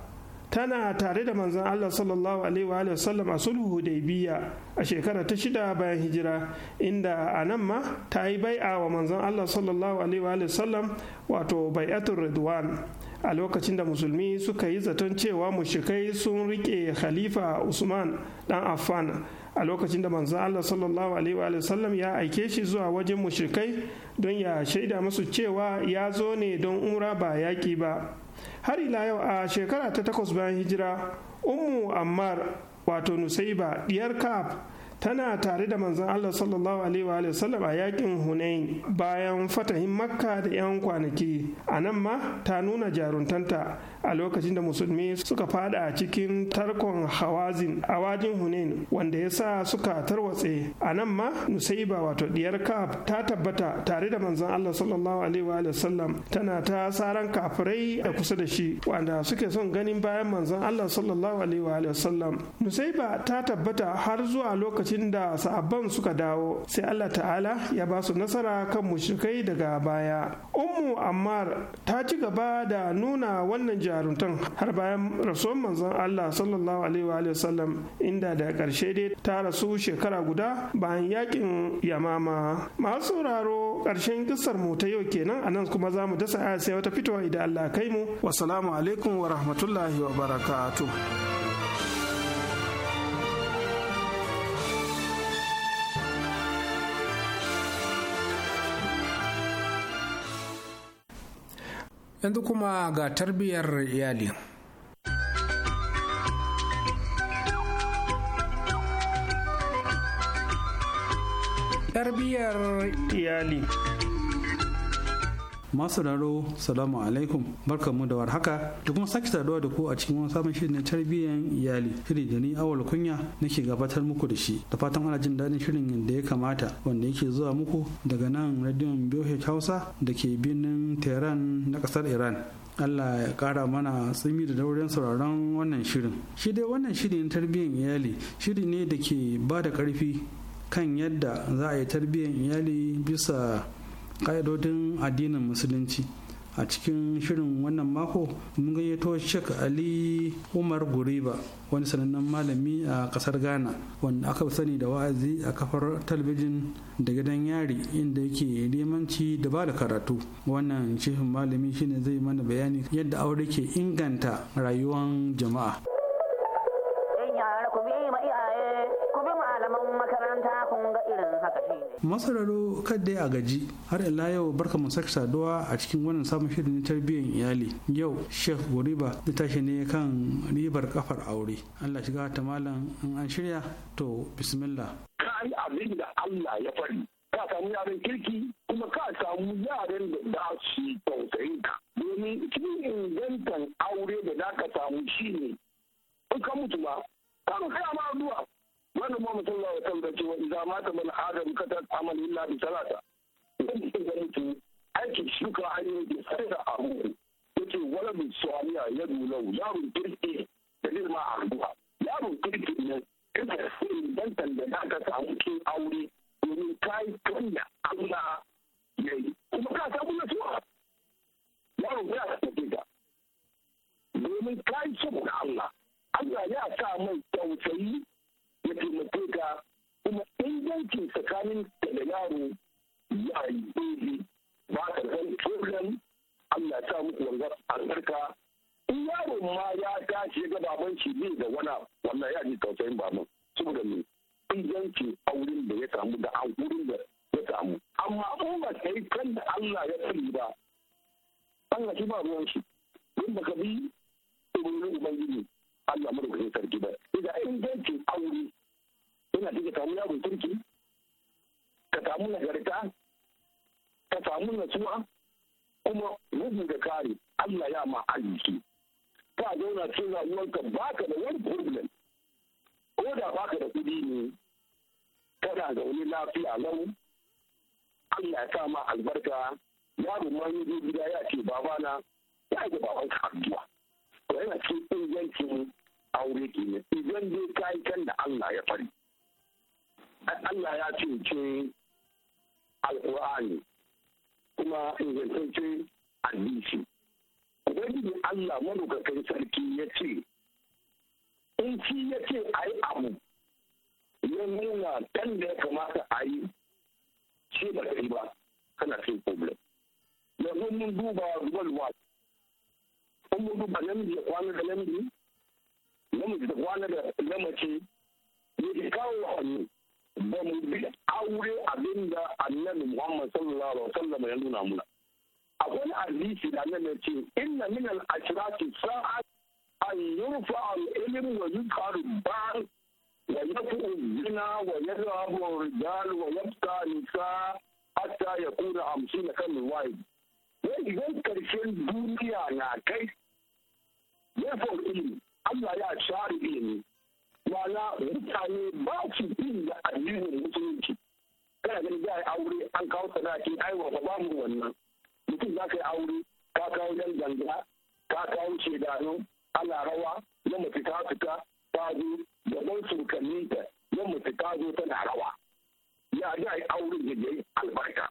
tana tare da manzon Allah sallallahu alaihi wa sallam a sulhu hudaybiya a shekara ta shida bayan hijira inda a nan ma ta yi bai'a wa manzon Allah sallallahu alaihi wa sallam wato bai'atul ridwan a lokacin da musulmi suka yi zaton cewa mushrikai sun rike khalifa usman dan affan a lokacin da manzon Allah sallallahu alaihi wa sallam ya aike shi zuwa wajen mushrikai don ya shaida musu cewa ya zo ne don umra ba yaƙi ba har ila yau a shekara ta takwas bayan hijira ummu ammar wato nusaiba diyar kaf tana tare da manzon Allah sallallahu alaihi wa sallam a yakin Hunain bayan fatahin Makka da 'yan kwanaki a nan ma ta nuna jaruntanta a lokacin da musulmi suka fada cikin tarkon hawazin a wajin hunain wanda ya sa suka tarwatse a nan ma nusaiba wato diyar kaf ta tabbata tare da manzon allah sallallahu alaihi wa sallam tana ta saran kafirai da kusa da shi wanda suke son ganin bayan manzon allah sallallahu alaihi wa sallam nusaiba ta tabbata har zuwa lokacin da sa'abban suka dawo sai allah ta'ala ya ba su nasara kan mushrikai daga baya ummu ammar ta ci gaba da nuna wannan jaruntan har bayan rasuwan manzon Allah sallallahu alaihi wa sallam inda da karshe dai ta rasu shekara guda bayan yakin yamama masu sauraro karshen kissar mu ta yau kenan anan kuma za mu dasa aya sai wata fitowa idan Allah kai mu wasalamu alaikum wa rahmatullahi wa barakatuh yanzu kuma ga tarbiyyar iyali tarbiyyar iyali masu raro salamu alaikum mu da haka? da kuma sake saduwa da ku a cikin wani sabon shirin na tarbiyyar iyali shiri da ni awal kunya nake gabatar muku da shi da fatan ana jin daɗin shirin da ya kamata wanda yake zuwa muku daga nan radiyon BOH Hausa da ke birnin Tehran na ƙasar Iran Allah ya kara mana tsimi da daurin sauraron wannan shirin. Shi dai wannan shirin tarbiyyar iyali shiri ne da ke ba da ƙarfi kan yadda za a yi tarbiyyar iyali bisa ƙa'idodin addinin musulunci a cikin shirin wannan mako mun gayyato shek Ali Umar Guriba wani sanannen malami a kasar Ghana wanda aka sani da wa'azi a kafar talabijin da gidan yari inda yake limanci da ba da karatu wannan shehin malami shine zai mana bayani yadda aure ke inganta rayuwar jama'a masararo kadai a gaji har ila yau barka mu sake saduwa a cikin wannan sabon shirin tarbiyyar iyali yau sheikh goriba da tashi ne kan ribar kafar aure allah shiga ta malam in an shirya to bismillah ka abin da allah ya fari ka samu yaren kirki kuma ka samu yaren da za su tausayin ka domin cikin ingantan aure da za ka samu shine in ka mutu ba ka kai ma addu'a wani ma mutum ya wata da cewa idan mata mana adam ka ta amal illa bi talata idan ki gani ki aiki shuka an yi da sai da abu yace wala bi su'aniya yadu lau yarun hannu ba mu bi aure abin da annabi Muhammad sallallahu alaihi wasallam ya nuna muna akwai hadisi da annabi ya ce inna min al-ashrati sa'at an yurfa al-ilm wa yuzkar al-bar wa yafu zina wa yadhabu al-rijal wa yabqa nisa hatta yakuna 50 kan wa'id wai idan karshen duniya na kai yafu al Allah ya share ilimi wala mutane ba su bin da addinin musulunci kana gani za a yi aure an kawo sadaki ai wa ba mu wannan mutum za ka yi aure ka kawo yan ganga ka kawo shedanu ana rawa na mace ta fita ta zo ɗan surkanni ta na ta zo tana rawa ya za a yi aure da ya yi albarka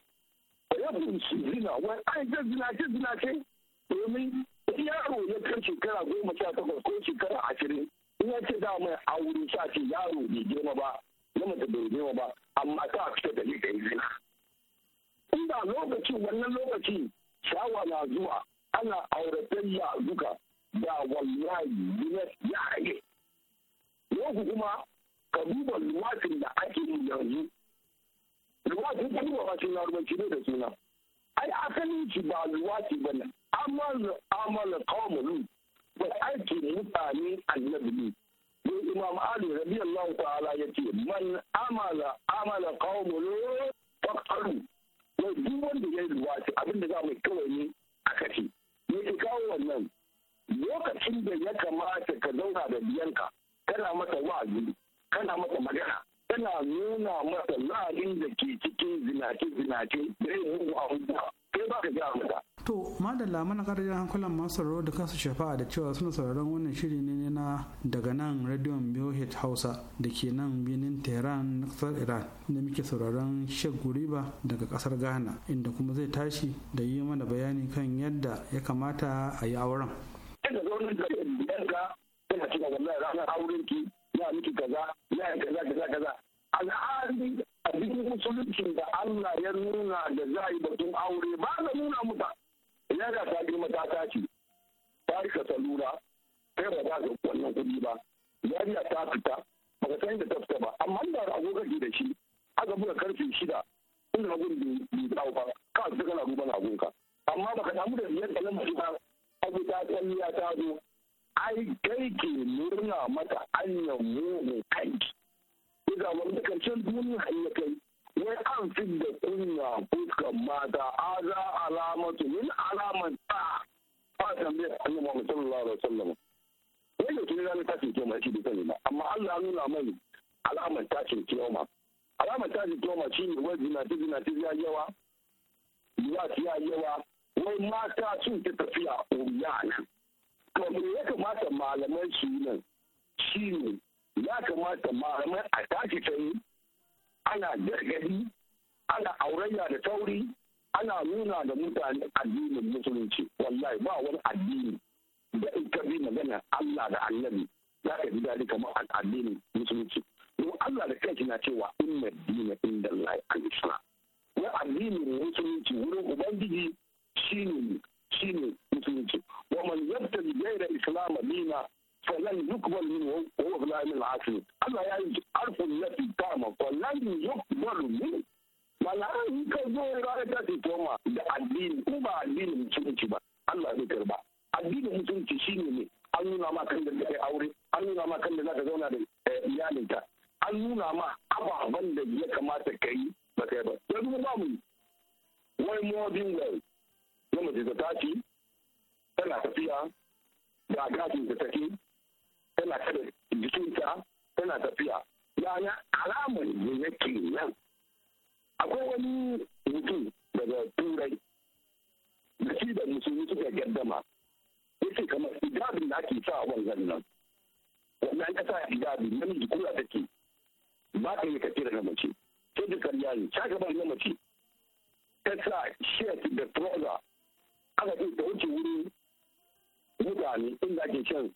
ba ya su zina wani ai ta zina ce zina ce domin yaro ya kai shekara goma sha takwas ko shekara ashirin in ya ce da mai wurin sa ce yaro bai girma ba na mace bai girma ba amma ka fita da ita yi zina in da lokaci wannan lokaci shawa na zuwa ana auratayya duka da wallahi zina ya rage yau kuma ka duba luwatin da ake yi yanzu luwatin ka duba bacin yarubanci ne da suna ai asalin ci ba luwati ba ne amma amala kawo da aikin mutane annabi ne sai imam ali radiyallahu ta'ala ya ce man amala amala kawo faqaru wai duk wanda ya yi luwaci abinda za mu kawai ne a kashi me ke kawo wannan lokacin da ya kamata ka zauna da biyanka kana masa wa'azi kana masa magana tana nuna masa la'anin da ke cikin zinace-zinace da yin a hudu kai ba ka gaya mata. To, ma da mana ƙarfin hankulan masu sauraro da kasu shafa'a da cewa suna sauraron wannan shiri ne na daga nan radiyon BOH Hausa da ke nan Binin Tehran na kasar Iran da muke sauraron Sheikh Guriba daga ƙasar Ghana inda kuma zai tashi da yi mana bayani kan yadda ya kamata a yi auren. Yadda zaunin da yadda tana cika wannan ranar aurenki ya miki kaza ya yi kaza kaza kaza a cikin musuluncin da Allah ya nuna da za yi batun aure ba da nuna muta ya da ta mata ta tashi ta ka salura kai ba za ka wannan kuɗi ba yariya ta fita ba ka san da ta fita ba amma da rago kake da shi aka buga karfe shida in ragon bai dawo ba ka su kana ruban ragonka amma ba baka damu da biyar da ba abu ta kwalliya ta zo ai kai ke murna mata hanyar mugu kanki ga wani karshen duniya ya kai wai an fi da kunya fuskan mata aza alamatu min alaman ta ba tambayar annabi Muhammad sallallahu alaihi wasallam wai da kini ranar ke mai shi da sani amma Allah ya nuna mai alamar tashin kiyama alamar tashin kiyama shi ne wai zinaci zinaci ya yawa zinaci ya yawa wai mata sun ta tafiya umiyana oh, to me ya kamata malaman su yi nan shi ne ya kamata malaman a tashi yi ana gargadi ana aurayya da tauri ana nuna da mutane addinin musulunci wallahi ba wani addini da in ka bi magana Allah da annabi za ka ji daɗi kamar addinin musulunci don Allah da kanki na cewa inna dina inda Allah al-islam wani addinin musulunci wurin ubangiji shine shine musulunci wa man yabtali gaira islam dina falan yuqbal minhu wa huwa fil Allah ya yi harfin lafi kama falan yuqbal minhu mana ka zo ranar ta toma da addini ko ba addinin musulunci ba Allah zai karba addinin musulunci shine ne an nuna ma kan da kai aure an nuna ma kan da zaka zauna da eh, iyalinka an nuna ma ababen da ya kamata ka yi ba kai ba yanzu ba mu wai ko mace ta tashi tana tafiya da gashin ta take tana kada jikinta tana tafiya yana alamar ne yake nan akwai wani mutum daga turai da shi da musulmi suka gaddama yake kamar idabin da ake sa wanzan nan wannan kasa idabi namiji kula take ba ka yi kafira na mace sai da karya ne ta gaban na mace ta sa shirt da trouser agadi da wuce wurin mutane inda ke shan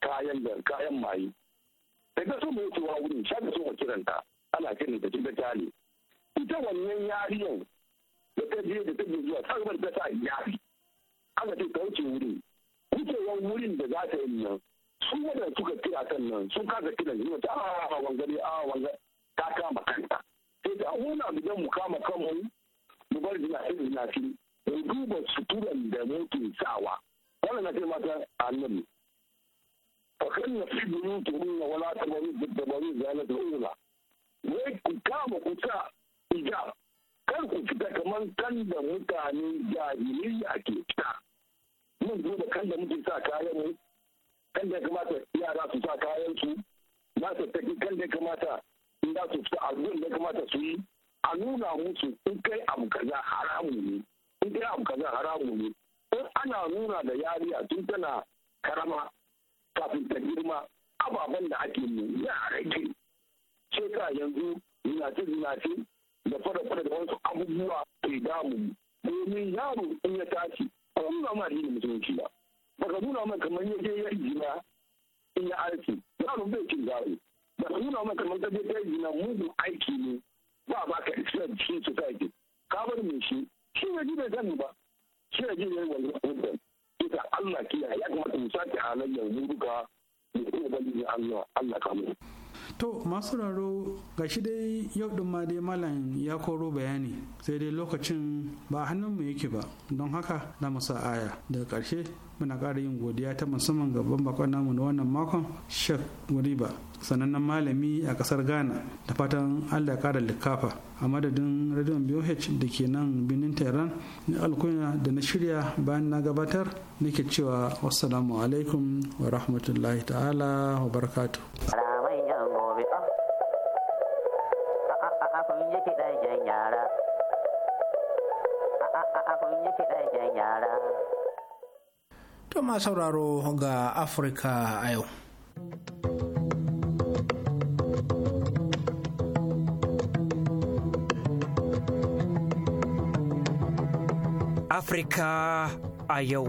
kayan da kayan maye da ga so mai wucewa wurin sha da so ka kiranta ana kiran da cikin tali ita wannan yariyan da ta je da ta je zuwa ta rubar ta sa yari aka ce ta wuce wurin wucewar wurin da za ta yi nan su wanda suka kira kan nan sun kasa kiran ah, ah, ah, ne ta a wangare a wangare ta kama kanta sai ta huna bidan mu kama kanmu mu bar jina sai jina shi in duba suturan da muke sawa wannan na taimaka annabi fakan na fi biyu turun na wala ta bari da bari zana ta ula wai ku kama ku sa ija kar ku fita kamar kan da mutane jahiliya ke fita mun duba kan da muke sa kayan mu kan da kamata yara su sa kayan su na tafi kan da kamata in za su fita a da kamata su yi a nuna musu in kai abu kaza haramu ne in dai abu kaza haramu ne in ana nuna da yariya tun tana karama kafin ta girma ababen da ake yi ya rage ce ka yanzu zinace zinace da fada fada da wasu abubuwa ke damu domin yaro in ya tashi ba nuna ma ne mutum musulunci ba baka nuna ma kamar ya je ya jina in ya aiki yaro bai cin zaro baka nuna ma kamar ta je ka jina mugun aiki ne ba ba ka isa cikin society ka bar mai shi shi ne ji bai sani ba shi ne ji ne wani abin ita Allah kiyaye ya kamata mu sake halayya yanzu duka mu kuma gani Allah Allah kamar to masu raro ga shi dai yau din ma dai malam ya koro bayani sai dai lokacin ba hannun mu yake ba don haka na musa aya daga karshe muna ƙara yin godiya ta musamman gaban bakon namu na wannan makon shek guriba sanannen malami a ƙasar ghana da fatan allah kara likafa a madadin radion boh da ke nan birnin tehran na alkunya da na shirya bayan na gabatar nake cewa wassalamu alaikum wa rahmatullahi ta'ala wa barakatuh yara abun yi kiɗan yara to ma sauraro ga afirka a yau Afirka a yau.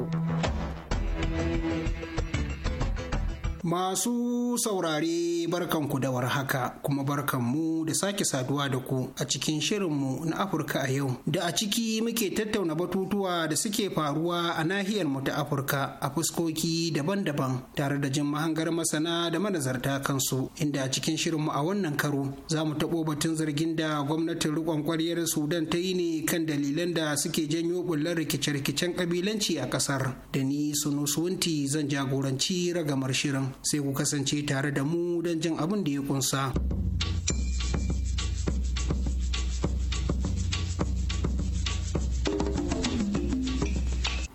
Masu saurare barkanku da warhaka kuma barkanmu da sake saduwa da ku a cikin shirinmu na Afirka a yau da a ciki muke tattauna batutuwa da suke faruwa a nahiyar mu ta Afirka a fuskoki daban-daban tare da jin mahangar masana da manazarta kansu inda a cikin shirinmu a wannan karo za mu taɓo batun zargin da gwamnatin riƙon ƙwaryar Sudan ta yi ne kan dalilan da suke janyo bullar rikice-rikicen ƙabilanci a ƙasar da ni Sunusuwanti zan jagoranci ragamar shirin. sai ku kasance tare da mu don jin abin da ya kunsa.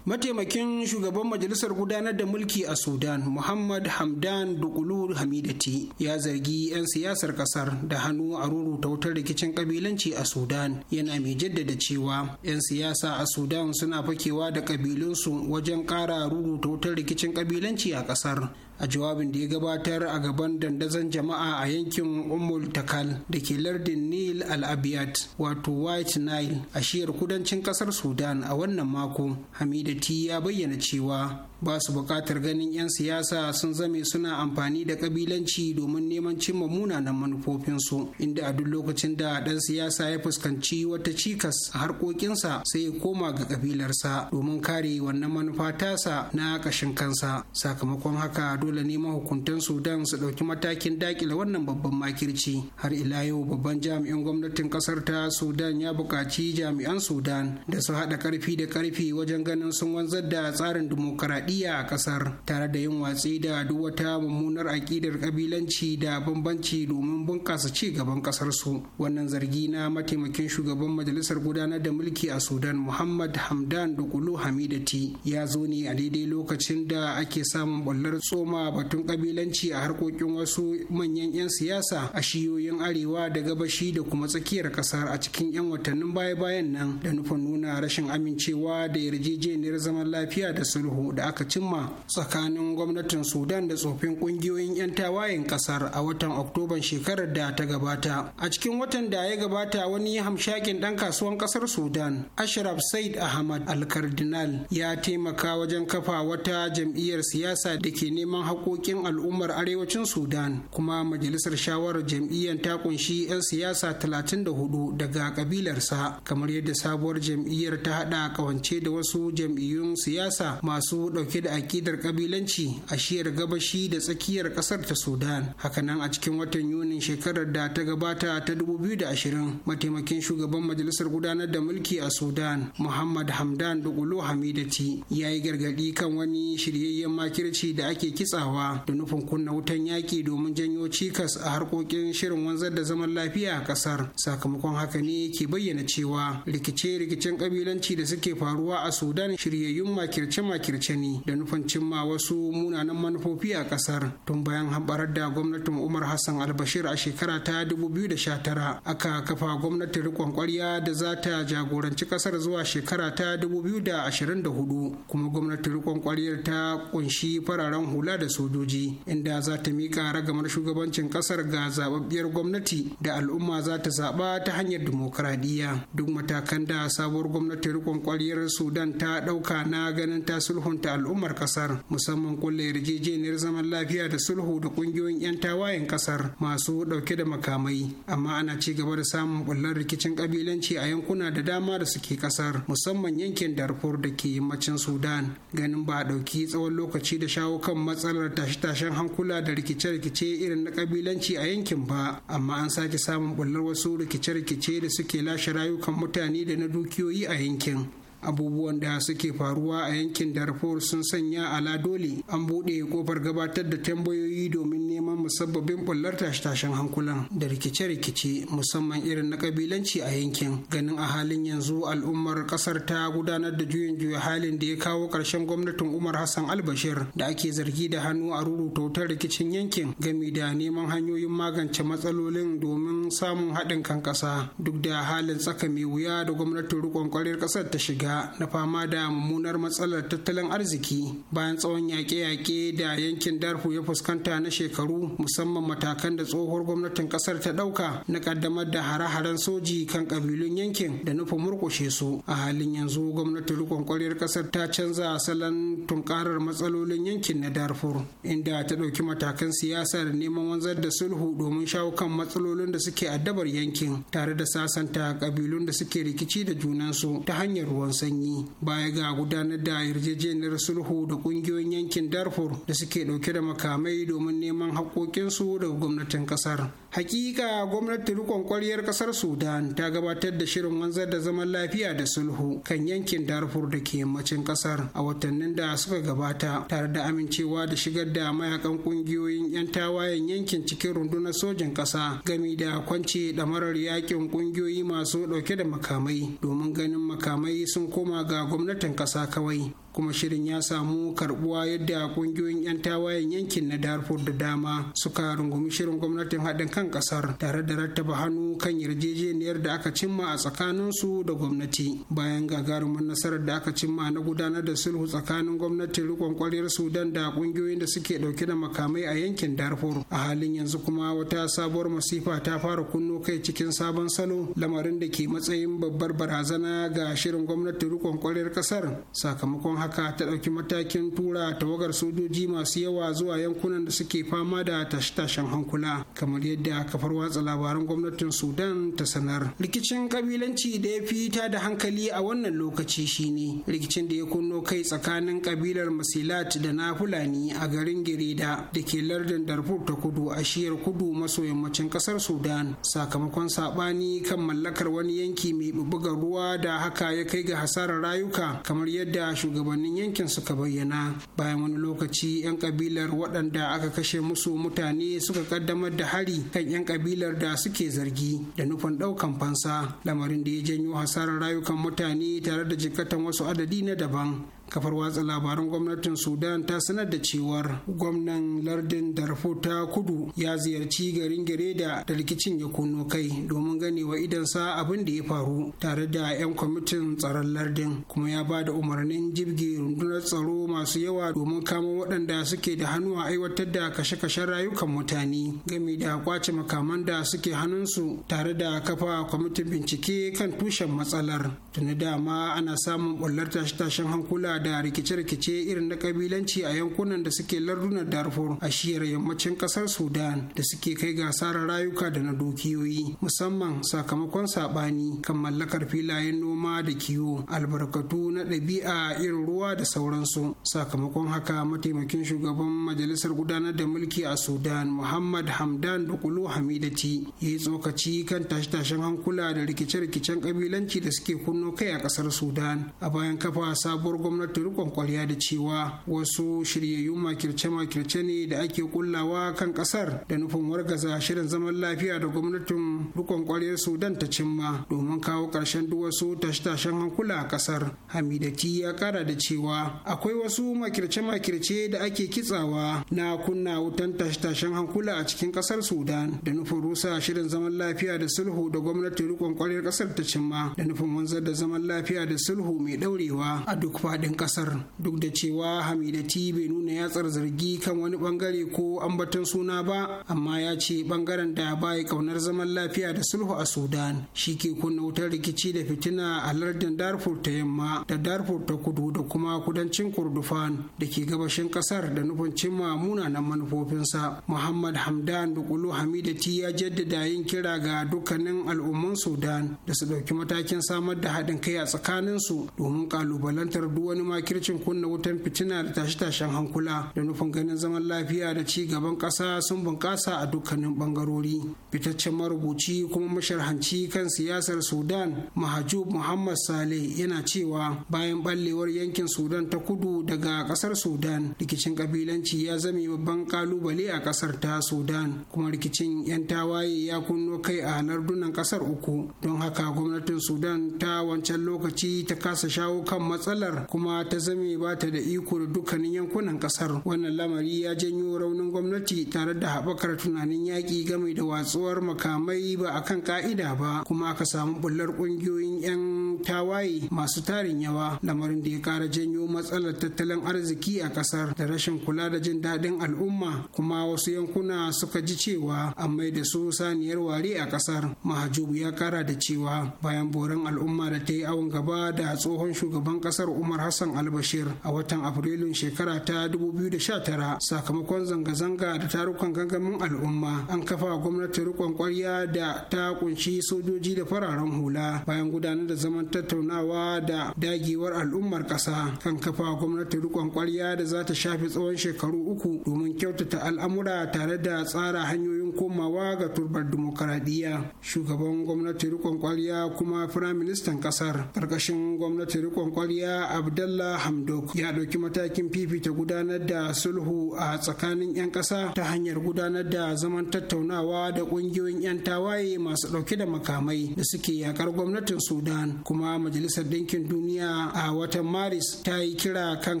mataimakin shugaban majalisar gudanar da mulki a sudan muhammad hamdan dukulu hamidati ya zargi 'yan siyasar kasar da hannu a ruruta wutar rikicin kabilanci a sudan yana mai jaddada cewa 'yan siyasa a sudan suna fakewa da kabilunsu wajen kara ruruta wutar rikicin kabilanci a kasar a jawabin da ya gabatar a gaban dandazon jama'a a yankin umul takal da ke lardin nil al-abiyat wato white nile a shiyar kudancin kasar sudan a wannan mako hamidati ya bayyana cewa ba su buƙatar ganin 'yan siyasa sun zame suna amfani da kabilanci domin neman cimma munanan manufofinsu inda a duk lokacin da ɗan siyasa ya fuskanci wata cikas a harkokinsa sai ya koma ga kabilarsa domin kare wannan manufa tasa na ƙashin kansa sakamakon haka dole ne mahukuntan sudan su ɗauki matakin daƙile wannan babban makirci har ila yau babban jami'in gwamnatin ƙasar ta sudan ya buƙaci jami'an sudan da su haɗa ƙarfi da ƙarfi wajen ganin sun wanzar da tsarin dimokuraɗi samari a kasar tare da yin watsi da duk wata mummunar aƙidar ƙabilanci da bambanci domin bunƙasa ci gaban kasar su wannan zargi na mataimakin shugaban majalisar gudanar da mulki a sudan muhammad hamdan dukulu hamidati ya zo ne a daidai lokacin da ake samun ballar tsoma batun ƙabilanci a harkokin wasu manyan 'yan siyasa a shiyoyin arewa da gabashi da kuma tsakiyar kasar a cikin 'yan watannin baya-bayan nan da nufin nuna rashin amincewa da yarjejeniyar zaman lafiya da sulhu da aka cimma tsakanin gwamnatin sudan da tsofin kungiyoyin 'yan tawayen kasar a watan oktoban shekarar da ta gabata a cikin watan da ya gabata wani hamshakin dan kasuwan kasar sudan ashraf said ahmad alkardinal ya taimaka wajen kafa wata jam'iyyar siyasa da ke neman haƙoƙin al'ummar arewacin sudan kuma majalisar shawarar jam'iyyar ta kunshi 'yan siyasa talatin da hudu daga kabilarsa kamar yadda sabuwar jam'iyyar ta haɗa kawance da wasu jam'iyyun siyasa masu dauke da akidar kabilanci a shiyar gabashi da tsakiyar kasar ta sudan hakanan a cikin watan yunin shekarar da ta gabata ta 2020 mataimakin shugaban majalisar gudanar da mulki a sudan muhammad hamdan dugulo hamidati ya yi gargadi kan wani shiryayyen makirci da ake kitsawa da nufin kunna wutan yaki domin janyo cikas a harkokin shirin wanzar da zaman lafiya a kasar sakamakon haka ne ke bayyana cewa rikice-rikicen kabilanci da suke faruwa a sudan shiryayyun makirce-makirce ne da nufin cimma wasu munanan manufofi a kasar tun bayan haɓarar da gwamnatin umar hassan albashir a shekara ta 2019 aka kafa gwamnatin rikon kwarya da za ta jagoranci kasar zuwa shekara ta 2024 kuma gwamnatin rikon kwaryar ta kunshi fararen hula da sojoji inda za ta miƙa ragamar shugabancin kasar ga zababbiyar gwamnati da al'umma za ta zaɓa ta hanyar dimokuraɗiyya duk matakan da sabuwar gwamnatin rikon kwaryar sudan ta ɗauka na ganin ta sulhunta al'ummar kasar musamman kulle yarjejeniyar zaman lafiya da sulhu da kungiyoyin 'yan tawayen kasar masu dauke da makamai amma ana ci gaba da samun bullar rikicin kabilanci a yankuna da dama da suke kasar musamman yankin darfur da ke yammacin sudan ganin ba a dauki tsawon lokaci da shawo kan matsalar tashe-tashen hankula da rikice-rikice irin na kabilanci a yankin ba amma an sake samun bullar wasu rikice-rikice da suke lashe rayukan mutane da na dukiyoyi a yankin abubuwan da suke faruwa a yankin darfur sun sanya ala dole an buɗe kofar gabatar da tambayoyi domin neman musabbabin bullar tashe-tashen hankulan da rikice-rikice musamman irin na kabilanci a yankin ganin a halin yanzu al'ummar kasar ta gudanar da juyin juya halin da ya kawo ƙarshen gwamnatin umar hassan albashir da ake zargi da hannu a ruruta wutar rikicin yankin gami da neman hanyoyin magance matsalolin domin samun haɗin kan ƙasa duk da halin tsaka mai wuya da gwamnatin riƙon ƙwarar ƙasar ta shiga na fama da mummunar matsalar tattalin arziki bayan tsawon yaƙe-yaƙe da yankin darfur ya fuskanta na shekaru musamman matakan da tsohuwar gwamnatin ƙasar ta ɗauka na ƙaddamar da hare-haren soji kan ƙabilun yankin da nufin murƙushe su a halin yanzu gwamnatin riƙon ƙwaryar ƙasar ta canza salon tunƙarar matsalolin yankin na darfur inda ta ɗauki matakan siyasa da neman wanzar da sulhu domin shawo kan matsalolin da suke addabar yankin tare da sasanta ƙabilun da suke rikici da junansu ta hanyar ruwan sanyi baya ga gudanar da yarjejeniyar sulhu da kungiyoyin yankin darfur da suke dauke da makamai domin neman haƙoƙinsu daga gwamnatin kasar hakika gwamnati rikon kwaryar kasar sudan ta gabatar da shirin wanzar da zaman lafiya da sulhu kan yankin darfur da ke yammacin kasar a watannin da suka gabata tare da amincewa da shigar da mayakan kungiyoyin 'yan tawayen yankin cikin rundunar sojin kasa gami da kwance damarar yakin kungiyoyi masu ɗauke da makamai domin ganin makamai sun sun koma ga gwamnatin ƙasa kawai kuma shirin ya samu karbuwa yadda kungiyoyin 'yan tawayen yankin na darfur da dama suka rungumi shirin gwamnatin haɗin kan ƙasar tare da rattaba hannu kan yarjejeniyar da aka cimma a tsakaninsu da gwamnati bayan gagarumin nasarar da aka cimma na gudanar da sulhu tsakanin gwamnatin rikon kwaryar sudan da kungiyoyin da suke ɗauke da makamai a yankin darfur a halin yanzu kuma wata sabuwar masifa ta fara kunno kai cikin sabon salo lamarin da ke matsayin babbar barazana ga shirin gwamnatin rikon kwaryar ƙasar sakamakon haka ta ɗauki matakin tura tawagar sojoji masu yawa zuwa yankunan da suke fama da tashe-tashen hankula kamar yadda kafar watsa labaran gwamnatin sudan ta sanar rikicin kabilanci da ya fi ta da hankali a wannan lokaci shine rikicin da ya kunno kai tsakanin kabilar masilat da na fulani a garin gereda da ke lardin darfur ta kudu a shiyar kudu maso yammacin kasar sudan sakamakon saɓani kan mallakar wani yanki mai bubugar ruwa da haka ya kai ga hasarar rayuka kamar yadda shugaban shugabannin yankin suka bayyana bayan wani lokaci 'yan kabilar waɗanda aka kashe musu mutane suka kaddamar da hari kan 'yan kabilar da suke zargi da nufin ɗaukan fansa lamarin da ya janyo hasarar rayukan mutane tare da jikatan wasu adadi na daban kafar watsa labaran gwamnatin sudan ta sanar da cewar gwamnan lardin darfur ta kudu ya ziyarci garin gereda da rikicin ya kuno kai domin ganewa idansa abin da ya faru tare da 'yan kwamitin tsaron lardin kuma ya ba da umarnin jibge rundunar tsaro masu yawa domin kamo waɗanda suke da hannu a aiwatar da kashe-kashen rayukan mutane game da kwace makaman da suke hannunsu tare da kafa kwamitin bincike kan tushen matsalar tuni ma ana samun bullar tashe-tashen hankula da rikice-rikice irin na kabilanci a yankunan da suke lardunar darfur a shiyar yammacin kasar sudan da suke kai ga rayuka da na dukiyoyi musamman sakamakon saɓani kan mallakar filayen noma da kiwo albarkatu na ɗabi'a irin ruwa da sauransu sakamakon haka mataimakin shugaban majalisar gudanar da mulki a sudan muhammad hamdan dukulu hamidati ya yi tsokaci kan tashe-tashen hankula da rikice-rikicen kabilanci da suke kunno kai a kasar sudan a bayan kafa sabuwar gwamnati gwamnati rikon kwarya da cewa wasu shiryayyun makirce-makirce ne da ake kullawa kan kasar da nufin wargaza shirin zaman lafiya da gwamnatin rikon kwaryar sudan ta cimma domin kawo karshen duk wasu tashe-tashen hankula a kasar hamidati ya kara da cewa akwai wasu makirce-makirce da ake kitsawa na kunna wutan tashe-tashen hankula a cikin kasar sudan da nufin rusa shirin zaman lafiya da sulhu da gwamnatin rikon kwaryar kasar ta cimma da nufin wanzar da zaman lafiya da sulhu mai daurewa a duk faɗin 'yan kasar duk da cewa hamidati bai nuna yatsar zargi kan wani bangare ko ambaton suna ba amma ya ce bangaren da baya kaunar zaman lafiya da sulhu a sudan shi ke kunna wutar rikici da fitina a lardin darfur ta yamma da darfur ta kudu da kuma kudancin kurdufan da ke gabashin kasar da nufin cimma munanan manufofinsa muhammad hamdan dukulu hamidati ya jaddada yin kira ga dukkanin al'umman sudan da su ɗauki matakin samar da haɗin kai a tsakaninsu domin ƙalubalantar duk wani makircin kunna wutan fitina da tashe-tashen hankula da nufin ganin zaman lafiya da ci gaban ƙasa sun bunƙasa a dukkanin ɓangarori fitaccen marubuci kuma masharhanci kan siyasar sudan mahajub muhammad saleh yana cewa bayan ɓallewar yankin sudan ta kudu daga ƙasar sudan rikicin ƙabilanci ya zame babban ƙalubale a ƙasar ta sudan kuma rikicin 'yan tawaye ya kunno kai a lardunan ƙasar uku don haka gwamnatin sudan ta wancan lokaci ta kasa shawo kan matsalar kuma kuma ta zame ba ta da iko da dukkanin yankunan kasar wannan lamari ya janyo raunin gwamnati tare da haɓakar tunanin yaƙi game da watsuwar makamai ba a kan ƙa'ida ba kuma aka samu bullar ƙungiyoyin 'yan tawaye masu tarin yawa lamarin da ya ƙara janyo matsalar tattalin arziki a kasar da rashin kula da jin daɗin al'umma kuma wasu yankuna suka ji cewa an mai da su saniyar ware a kasar mahajubu ya ƙara da cewa bayan boran al'umma da ta yi awon gaba da tsohon shugaban kasar umar hassan Hassan Albashir a watan Afrilun shekara ta 2019 sakamakon zanga-zanga da tarukan gangamin al'umma an kafa gwamnati rikon kwarya da ta kunshi sojoji da fararen hula bayan gudanar da zaman tattaunawa da dagewar al'ummar ƙasa kan kafa gwamnati rikon kwarya da za ta shafi tsawon shekaru uku domin kyautata al'amura tare da tsara hanyoyin komawa ga turbar dimokuraɗiyya shugaban gwamnati rikon kwarya kuma firaministan ƙasar ƙarƙashin gwamnati rikon kwarya abdallah Abdullah Hamdok ya ɗauki matakin fifita gudanar da sulhu a tsakanin 'yan ƙasa ta hanyar gudanar da zaman tattaunawa da ƙungiyoyin 'yan tawaye masu ɗauke da makamai da suke yakar gwamnatin Sudan kuma Majalisar Dinkin Duniya a watan Maris ta yi kira kan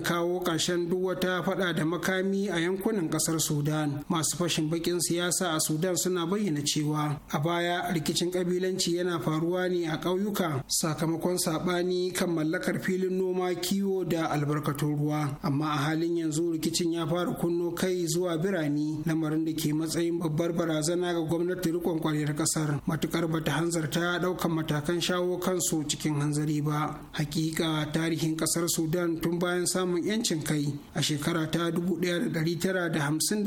kawo ƙarshen duk wata faɗa da makami a yankunan ƙasar Sudan masu fashin baƙin siyasa a Sudan suna bayyana cewa a baya rikicin ƙabilanci yana faruwa ne a ƙauyuka sakamakon saɓani kan mallakar filin noma kiwo kiwo da albarkatun ruwa amma a halin yanzu rikicin ya fara kunno kai zuwa birane lamarin da ke matsayin babbar barazana ga gwamnati rikon kwaryar kasar matukar bata hanzarta daukan matakan shawo kansu cikin hanzari ba hakika tarihin kasar sudan tun bayan samun yancin kai a shekara ta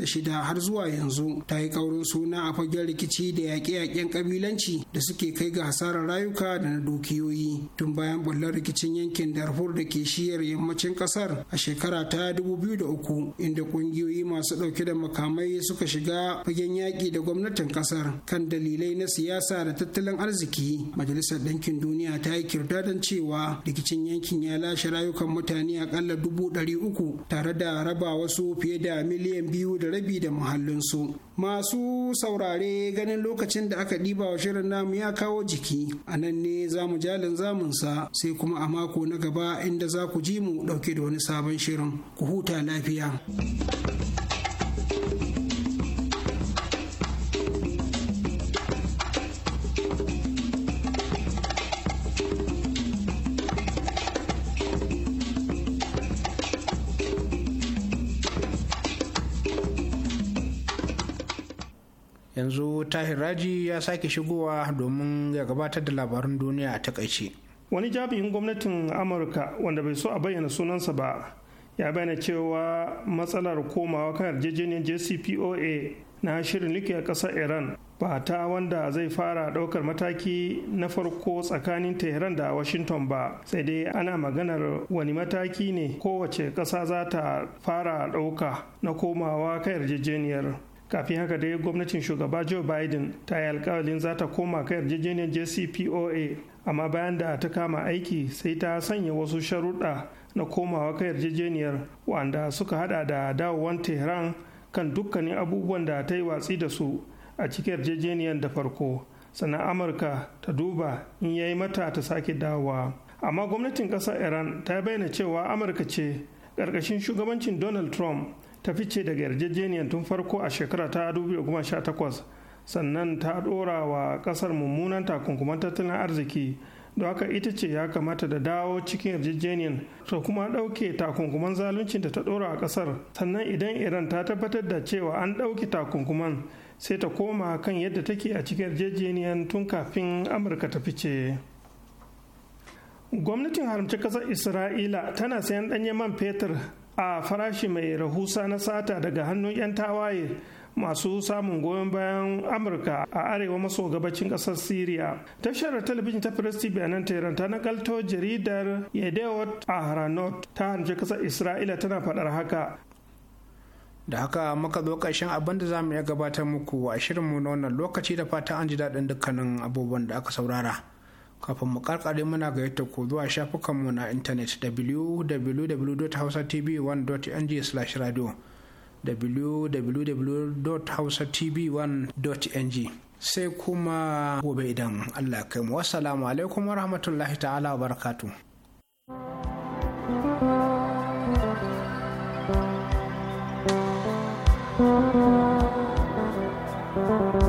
shida har zuwa yanzu ta yi kaurin suna a fagen rikici da yaƙe-yaƙen kabilanci da suke kai ga hasarar rayuka da na dukiyoyi tun bayan bullar rikicin yankin darfur da ke shi jam'iyyar yammacin kasar a shekara ta 2003 inda kungiyoyi masu dauke da makamai suka shiga fagen yaƙi da gwamnatin kasar kan dalilai na siyasa da tattalin arziki majalisar ɗinkin duniya ta yi kirdadan cewa rikicin yankin ya lashe rayukan mutane akalla dubu ɗari uku tare da raba wasu fiye da miliyan biyu da rabi da muhallinsu masu saurare ganin lokacin da aka ɗiba wa shirin namu ya kawo jiki a nan ne zamu jalin zamunsa sai kuma a mako na gaba inda za ku ji mu ɗauke da wani sabon shirin ku huta lafiya. yanzu tahir raji ya sake shigowa domin ya gabatar da labarin duniya a takaice. wani jami'in gwamnatin amurka wanda bai so a bayyana sunansa ba ya bayyana cewa matsalar komawa kan yarjejeniyar jcpoa na shirin nukiyar ƙasar iran ba ta wanda zai fara ɗaukar mataki na farko tsakanin tehran da washington ba sai dai ana maganar wani mataki ne kowace ƙasa za ta fara ɗauka na komawa kan yarjejeniyar kafin haka dai gwamnatin shugaba joe biden ta yi alkawalin za ta koma kan yarjejeniyar jcpoa amma bayan da ta kama aiki sai ta sanya wasu sharuɗa na komawa ka yarjejeniyar wanda suka hada da dawowan tehran kan dukkanin abubuwan da ta yi watsi da su a cikin yarjejeniyar da farko sannan amurka ta duba in ya yi mata ta sake dawowa amma gwamnatin ƙasar iran ta bayyana cewa amurka ce ƙarƙashin shugabancin donald trump ta fice daga yarjejeniyar tun farko a shekara ta 2018 sannan ta ɗora wa kasar mummunan takunkuman tattalin arziki da haka ita ce ya kamata da dawo cikin yarjejeniyar to kuma ɗauke takunkuman zaluncin da ta ɗora a ƙasar sannan idan iran ta tabbatar da cewa an ɗauke takunkuman sai ta koma kan yadda take a cikin yarjejeniyar tun kafin amurka ta fice gwamnatin haramci ƙasar isra'ila tana sayan ɗanyen man fetur a farashi mai rahusa na sata daga hannun 'yan tawaye masu samun goyon bayan amurka a arewa maso gabacin kasar syria tashar talabijin ta firisti tv a nan tehran ta nakalto jaridar yedewot ahranot ta hanci kasar isra'ila tana faɗar haka da haka muka zo ƙarshen abin da za mu iya gabatar muku a shirinmu na wannan lokaci da fata an ji daɗin dukkanin abubuwan da aka saurara kafin mu karkare muna ga yadda ko zuwa shafukanmu na intanet www.hausatv1.ng/radio www.hausatv1.ng sai kuma gobe idan Allah kai mu wassalamu alaikum wa rahmatullahi ta'ala wa barakatu. thank you